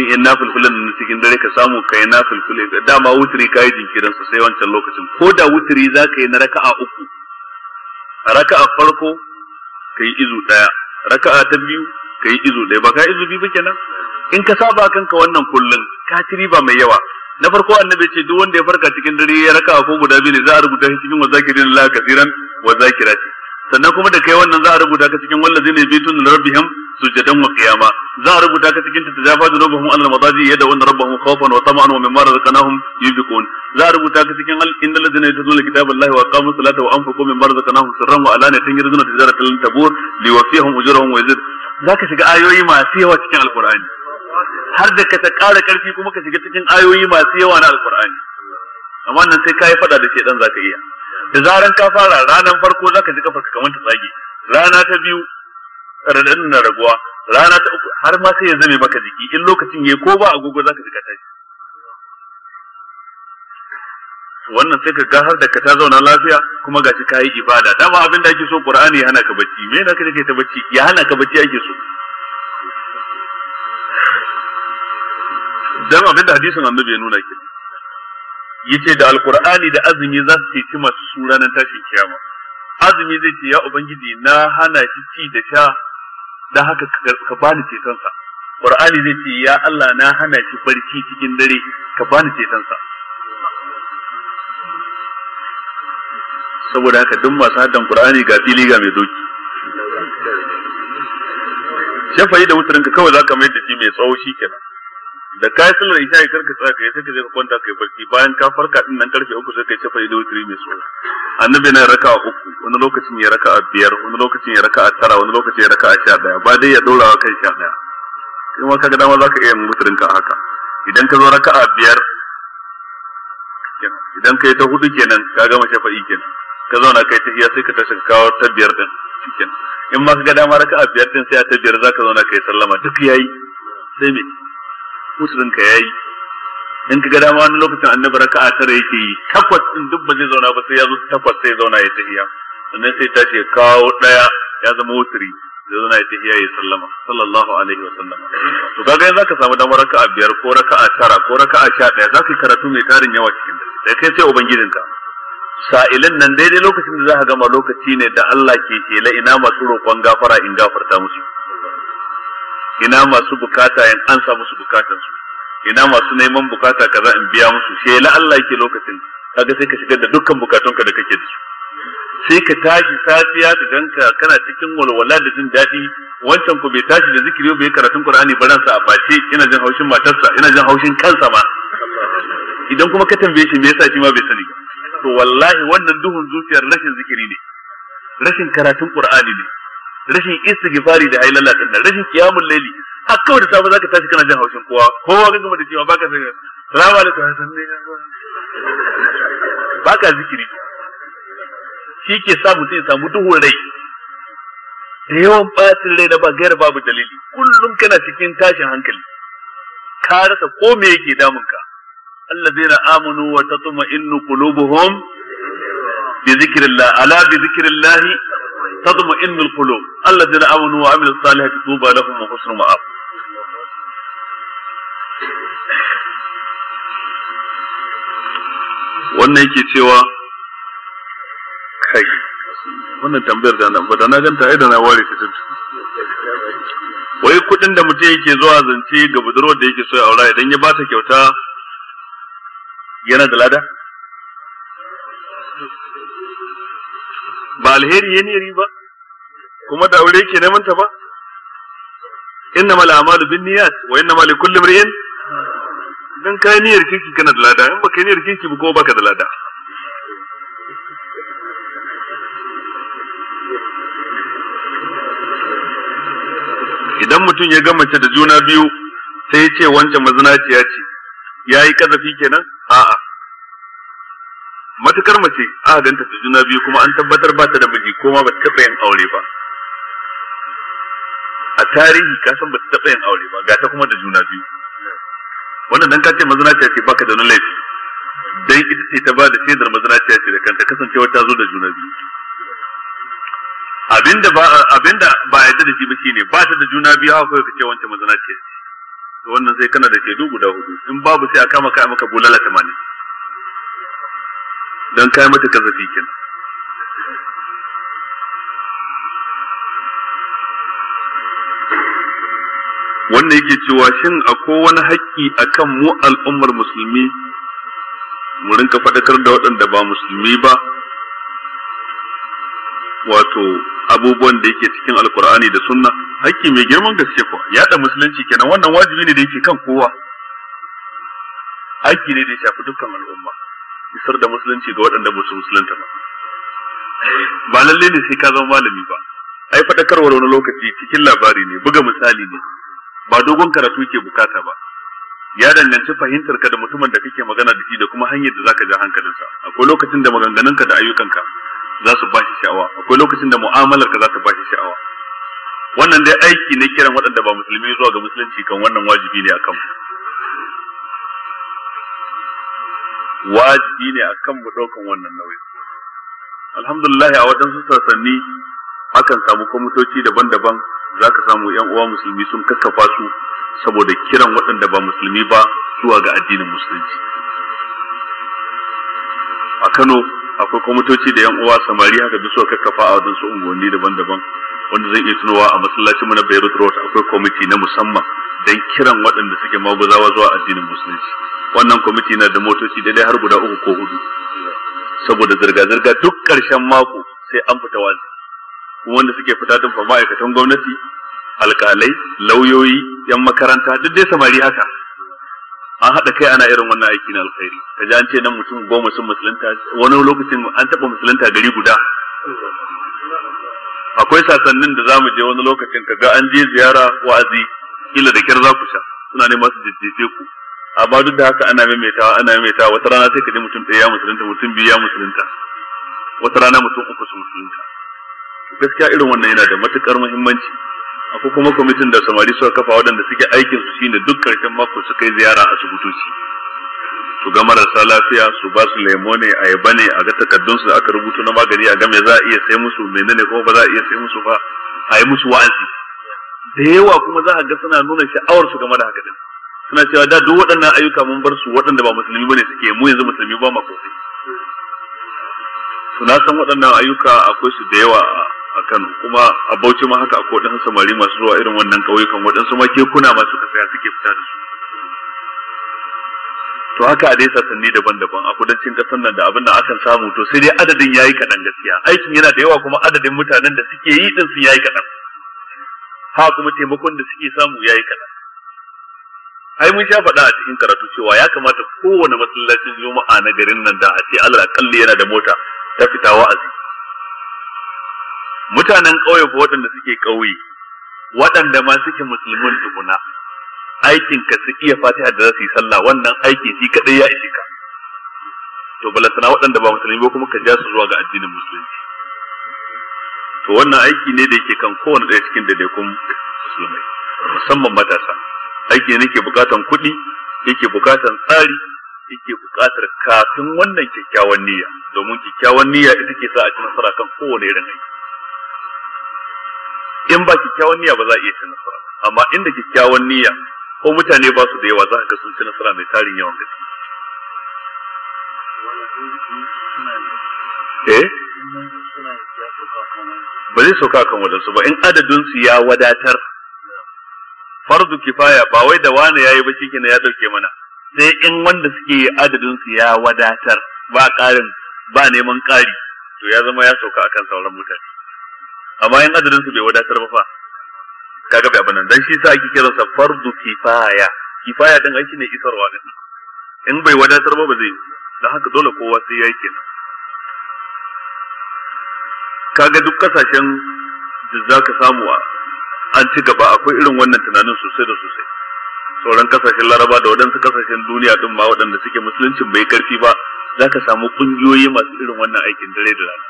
irin yan nafilfilan na cikin dare ka samu ka yi nafilfile dama wutri ka yi jinkirin sai wancan lokacin ko da wutri za ka yi na raka'a uku raka'a farko ka yi izu ɗaya raka'a ta biyu ka yi izu ɗaya ba ka izu biyu ba kenan in ka saba kanka wannan kullum ka ci riba mai yawa na farko annabi ce duk wanda ya farka cikin dare ya raka'a ko guda biyu ne za a rubuta shi cikin wazakirin la kasiran wazakirati sannan kuma da kai wannan za a rubuta ka cikin wallazi ne bitun da rabbihim sujadan wa qiyama za a rubuta ka cikin tatajafa da an al-madaji yad'una rabbahum khawfan wa tama'an wa mimma razaqnahum yunfiqun za a rubuta ka cikin innal ladzina yatluna kitaballahi wa aqamus salata wa anfaqu mimma razaqnahum sirran wa alanatan yarjuna tijaratan lan tabur liwafihim ujurahum wa yazid zaka shiga ayoyi masu yawa cikin alqur'ani har da ka ta ƙara ƙarfi kuma ka shiga cikin ayoyi masu yawa na alqur'ani amma nan sai ka yi fada da shedan ka iya da zaran ka fara ranar farko za ka ji kafarka kamar ta tsage rana ta biyu radadin na raguwa rana ta uku har ma sai ya zame maka jiki in lokacin yi, ko ba agogo za ka ji kata shi wannan sai ka har da ka ta zauna lafiya kuma ga shi kayi ibada dama abin da ake so qur'ani ya hana ka bacci me yana kake ta bacci ya hana ka bacci ake so dan abin da hadisin annabi ya nuna ki yace da alqur'ani da azumi za su ceci masu su ranar tashin kiyama azumi zai ce ya ubangiji na hana shi ci da sha dan haka ka bani cetonsa qur'ani zai ce ya Allah na hana shi barci cikin dare ka bani cetonsa saboda haka duk masu haddan qur'ani ga fili ga mai doki shafayi da wutarinka kawai zaka mai da shi mai tsawo shi kenan. da ka kai sallar isha kar ka tsaka kai sai ka je ka kwanta kai barci bayan ka farka din nan karfe uku sai kai ta fa'idu wutri mai so annabi na raka uku wani lokacin ya raka biyar wani lokacin ya raka tara wani lokacin ya raka sha daya ba dai ya dora wa kai sha daya kai ma kaga dama zaka iya muturin ka haka idan ka zo raka biyar idan kai ta hudu kenan ka gama shafa'i kenan ka zauna kai ta iya sai ka tashi kawo ta biyar din kenan in ma kaga dama raka biyar din sai a ta biyar zaka zauna kai sallama duk yayi sai me uzurin ka yayi in ka ga dama wani lokacin annabi a tara yake yi takwas din duk ba zai zauna ba sai ya zo takwas sai ya zauna ya tahiya sannan sai tashi ya kawo daya ya zama wuturi sai zauna ya tahiya ya sallama sallallahu alaihi wa sallama to kaga yanzu zaka samu damar a biyar ko raka a tara ko raka a sha daya zaka yi karatu mai tarin yawa cikin dare sai kai sai ubangijinka sa'ilin nan daidai lokacin da za ka gama lokaci ne da Allah ke shela ina masu roƙon gafara in gafarta musu ina masu bukata in an samu musu bukatan su ina masu neman bukata kaza in biya musu sai la Allah yake lokacin kaga sai ka shigar da dukkan bukatunka da kake da su sai ka tashi safiya da ganka kana cikin walwala da jin daɗi wancan ku bai tashi da zikiri bai karatun Qur'ani ba ransa a bace ina jin haushin matarsa ina jin haushin kansa ma idan kuma ka tambaye shi me yasa shi ma bai sani to wallahi wannan duhun zuciyar rashin zikiri ne rashin karatun Qur'ani ne rashin istighfari da ailalla din rashin qiyamul layli har kawai da safe zaka tashi kana jin haushin kowa kowa ga gama da cewa baka sai salamu alaikum hasan ne baka zikiri shi ke sa mutum ya samu duhun rai da yawan batin rai na ba gaira babu dalili kullum kana cikin tashin hankali ka rasa ko me yake damunka allazina amanu wa tatma'innu qulubuhum bi zikrillah ala bi zikrillah تطمئن القلوب الذين امنوا وعملوا الصالحات طوبى لهم وحسن مآب wannan yake cewa kai wannan tambayar da nan da na ganta ai da na ware ta tuntu wai kudin da mutum yake zuwa zance ga budurwar da yake so ya aura idan ya bata kyauta yana da lada ba alheri ya niyari ba kuma da aure yake neman ta ba mala a'malu niyat wa mala likulli imrin dan kai niyyar kirki kana da lada in baka niyyar kirki ba ko baka da lada idan mutum ya ga mace da juna biyu sai ya ce wancan mazinaciya ce ya yi kazafi kenan a'a matukar mace aka ganta ta juna biyu kuma an tabbatar ba ta da miji ko ma ba ta taɓa yin aure ba a tarihi ka san ba ta taɓa yin aure ba ga ta kuma da juna biyu wannan dan ka ce mazinaciya ce baka da nulai laifi dan ita ce ta ba da shaidar mazinaciya ce da kanta kasancewar ta zo da juna biyu abinda ba abinda ba yadda da shi ba shine ba ta da juna biyu haka kai kace wancan mazinaciya ce wannan sai kana da shaidu guda hudu in babu sai a kama kai maka bulala 80 don kai mata kazafi kin wannan yake cewa shin akwai wani haƙƙi akan mu al'ummar musulmi mu rinka faɗakar da waɗanda ba musulmi ba wato abubuwan da yake cikin alkur'ani da sunna haƙƙi mai girman gaske kuwa yaɗa musulunci kenan wannan wajibi ne da yake kan kowa haƙƙi ne da ya shafi dukkan al'umma isar da musulunci ga waɗanda ba su musulunta ba ba lalle ne sai ka zama malami ba ai faɗakarwar wani lokaci cikin labari ne buga misali ne ba dogon karatu ke bukata ba ya danganci fahimtar ka da mutumin da kake magana da shi da kuma hanyar da za ka ja hankalinsa akwai lokacin da maganganunka da ayyukanka za su bashi sha'awa akwai lokacin da mu'amalarka za ta bashi sha'awa wannan dai aiki na kiran waɗanda ba musulmi zuwa ga musulunci kan wannan wajibi ne a kanmu. wajibi ne akan kan ɗaukan wannan nauyi alhamdulillah a waɗansu sassanni akan samu kwamitoci daban-daban za ka samu yan uwa musulmi sun kakkafa su saboda kiran waɗanda ba musulmi ba zuwa ga addinin musulunci a kano akwai kwamitoci da yan uwa samari haka bi suka kakkafa a waɗansu unguwanni daban-daban wanda zan iya tunawa a masallacin mu na Beirut Road akwai kwamiti na musamman don kiran waɗanda suke maguzawa zuwa addinin musulunci wannan kwamiti na da motoci daidai har guda uku ko hudu saboda zirga-zirga duk ƙarshen mako sai an fita wani wanda suke fita don fa ma'aikatan gwamnati alkalai lauyoyi yan makaranta duk dai samari haka an haɗa kai ana irin wannan aiki na alkhairi ka ji an ce nan mutum goma sun musulunta wani lokacin an taɓa musulunta gari guda akwai sasannin da za mu je wani lokacin ka ga an je ziyara wa'azi kila da kyar za ku sha suna neman su jijjife ku amma duk da haka ana maimaitawa ana maimaitawa wata rana sai ka ji mutum ɗaya ya musulunta mutum biyu ya musulunta wata rana mutum uku su musulunta gaskiya irin wannan yana da matukar muhimmanci akwai kuma kwamitin da samari suka kafa waɗanda suke aikin su shine duk karshen mako su kai ziyara asibitoci su ga marasa lafiya su ba su lemo ne ayaba ne a ga takardun su da aka rubuta na magani a ga me za a iya sai musu menene kuma ba za a iya sai musu ba a yi musu wa'azi da yawa kuma za a ga suna nuna sha'awar su game da haka din suna cewa da duk waɗannan ayyuka mun bar su waɗanda ba musulmi bane suke mu yanzu musulmi ba ma suna san waɗannan ayyuka akwai su da yawa a Kano kuma a Bauchi ma haka akwai waɗansu samari masu zuwa irin wannan ƙauyukan waɗansu ma kuna masu kasaya suke fita da su to haka a dai sassanni daban-daban a kudancin ƙasar nan da abin da akan samu to sai dai adadin yayi kaɗan gaskiya aikin yana da yawa kuma adadin mutanen da suke yi din sun yayi kaɗan ha kuma taimakon da suke samu yayi kaɗan ai mun sha faɗa a cikin karatu cewa ya kamata kowane masallacin juma'a na garin nan da a ce Allah kalli yana da mota ta fita wa'azi mutanen ƙauye ko waɗanda suke ƙauye waɗanda ma suke musulmin tukuna aikin ka su iya fatiha da za su yi sallah wannan aiki shi kaɗai ya ishe ka to balantana waɗanda ba musulmi ba kuma ka ja su zuwa ga addinin musulunci to wannan aiki ne da yake kan kowane ɗaya cikin daidaikun musulmai musamman matasa aiki ne ke bukatan kuɗi yake bukatan tsari yake bukatar kafin wannan kyakkyawan niyya domin kyakkyawan niyya ita ke sa a ci nasara kan kowane irin aiki in ba kyakkyawan niyya ba za a iya ci nasara amma inda kyakkyawan niyya ko mutane ba su da yawa za ka sun ci nasara mai tarin yawan gaske eh ba zai sauka kan wadansu ba in adadin su ya wadatar fardu kifaya ba wai da wani yayi ba kina ya dauke mana sai in wanda suke adadin su ya wadatar ba karin ba neman kari to ya zama ya sauka akan sauran mutane amma in adadin su bai wadatar ba fa kaga bai abin nan dan shi sa ake kiransa fardu kifaya kifaya din ai shine isarwa din in bai wadatar ba ba zai dan haka dole kowa sai ya kenan kaga duk kasashen da zaka samu a an ci gaba akwai irin wannan tunanin sosai da sosai sauran kasashen laraba da waɗansu kasashen duniya din ma waɗanda suke musuluncin bai karfi ba za ka samu ƙungiyoyi masu irin wannan aikin dare da rana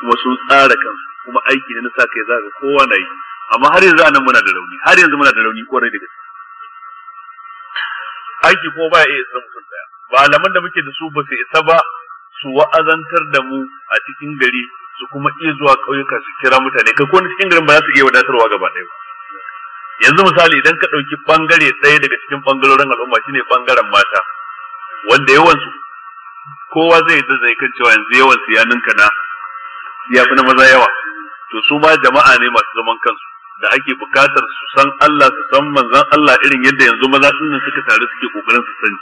kuma sun tsara kansu kuma aiki ne na sa kai za ka kowa na yi amma har yanzu anan muna da rauni har yanzu muna da rauni kwarai da gaske aiki kuma baya iya isa mutum daya ba da muke da su ba su isa ba su wa'azantar da mu a cikin gari su kuma iya zuwa ƙauyuka su kira mutane kai ko cikin garin ba za su iya wadatarwa gaba ɗaya ba yanzu misali idan ka ɗauki ɓangare ɗaya daga cikin ɓangarorin al'umma shine ɓangaren mata wanda yawansu kowa zai da zai kan cewa yanzu yawan ya ninka na ya fi na maza yawa to su ma jama'a ne masu zaman kansu da ake buƙatar su san Allah su san manzon Allah irin yadda yanzu maza sun nan suka taru suke kokarin su sani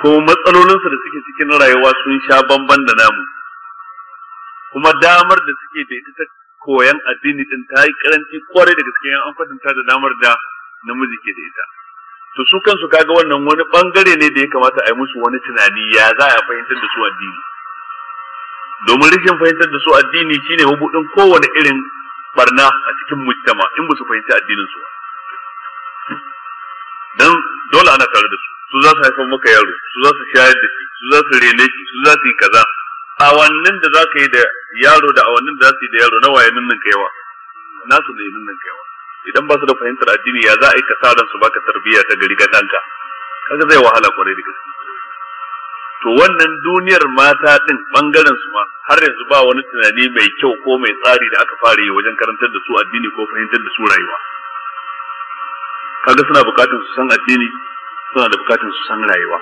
kuma matsalolinsu da suke cikin rayuwa sun sha bamban da namu kuma damar da suke da ita ta koyan addini din ta yi karanci kwarai da gaske an kwatanta da damar da namiji ke da ita to su kansu kaga wannan wani bangare ne da ya kamata a yi musu wani tunani ya za a fahimtar da su addini domin rikin fahimtar da su addini shine hubudin kowane irin barna a cikin mujtama in ba su fahimci addinin su dan dole ana tare da su su za su haifar maka yaro su za su shayar da shi su za su rene shi su za su yi kaza awannin da za ka yi da yaro da awannin da za su yi da yaro nawa ya ninnin kaiwa nasu ne idan ba su da fahimtar addini ya za a yi ka sa su baka tarbiyya ta gari ga ɗanka kaga zai wahala kwarai da gaske to wannan duniyar mata din bangaren su ma har yanzu ba wani tunani mai kyau ko mai tsari da aka fara yi wajen karantar da su addini ko fahimtar da su rayuwa kaga suna bukatun su san addini suna da bukatun su san rayuwa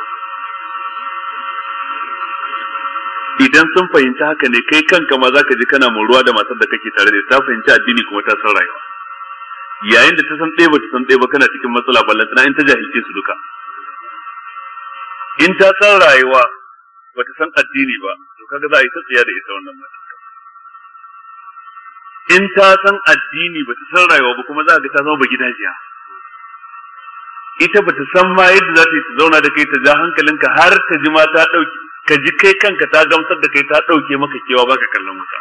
idan sun fahimci haka ne kai kanka ma zaka ji kana ruwa da matar da kake tare da ta fahimci addini kuma ta san rayuwa yayin da ta san ɗaya ba ta san ɗaya ba kana cikin matsala ballan tana in ta jahilce su duka in ta san rayuwa ba ta san addini ba to kaga za a yi ta tsaya da ita wannan mata in ta san addini ba ta san rayuwa ba kuma za a ga ta zama ba gidajiya ita ba ta san ma yadda za ta yi ta zauna da kai ta ja hankalinka har ta ji ma ta ɗauki ka ji kai kanka ta gamsar da kai ta ɗauke maka kewa baka kallon wuta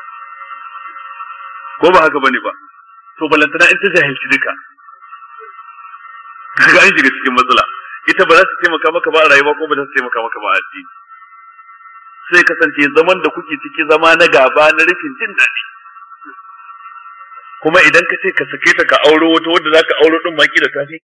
ko ba haka bane ba to balantana in ta jahilci duka kaga an shiga cikin matsala ita ba za su taimaka maka ba a rayuwa ko ba za su taimaka maka ba a addini sai kasance zaman da kuke ciki zama na gaba na rufin jin daɗi kuma idan ka ce ka sake ta ka auro wata wadda za ka auro ɗin maki da tafi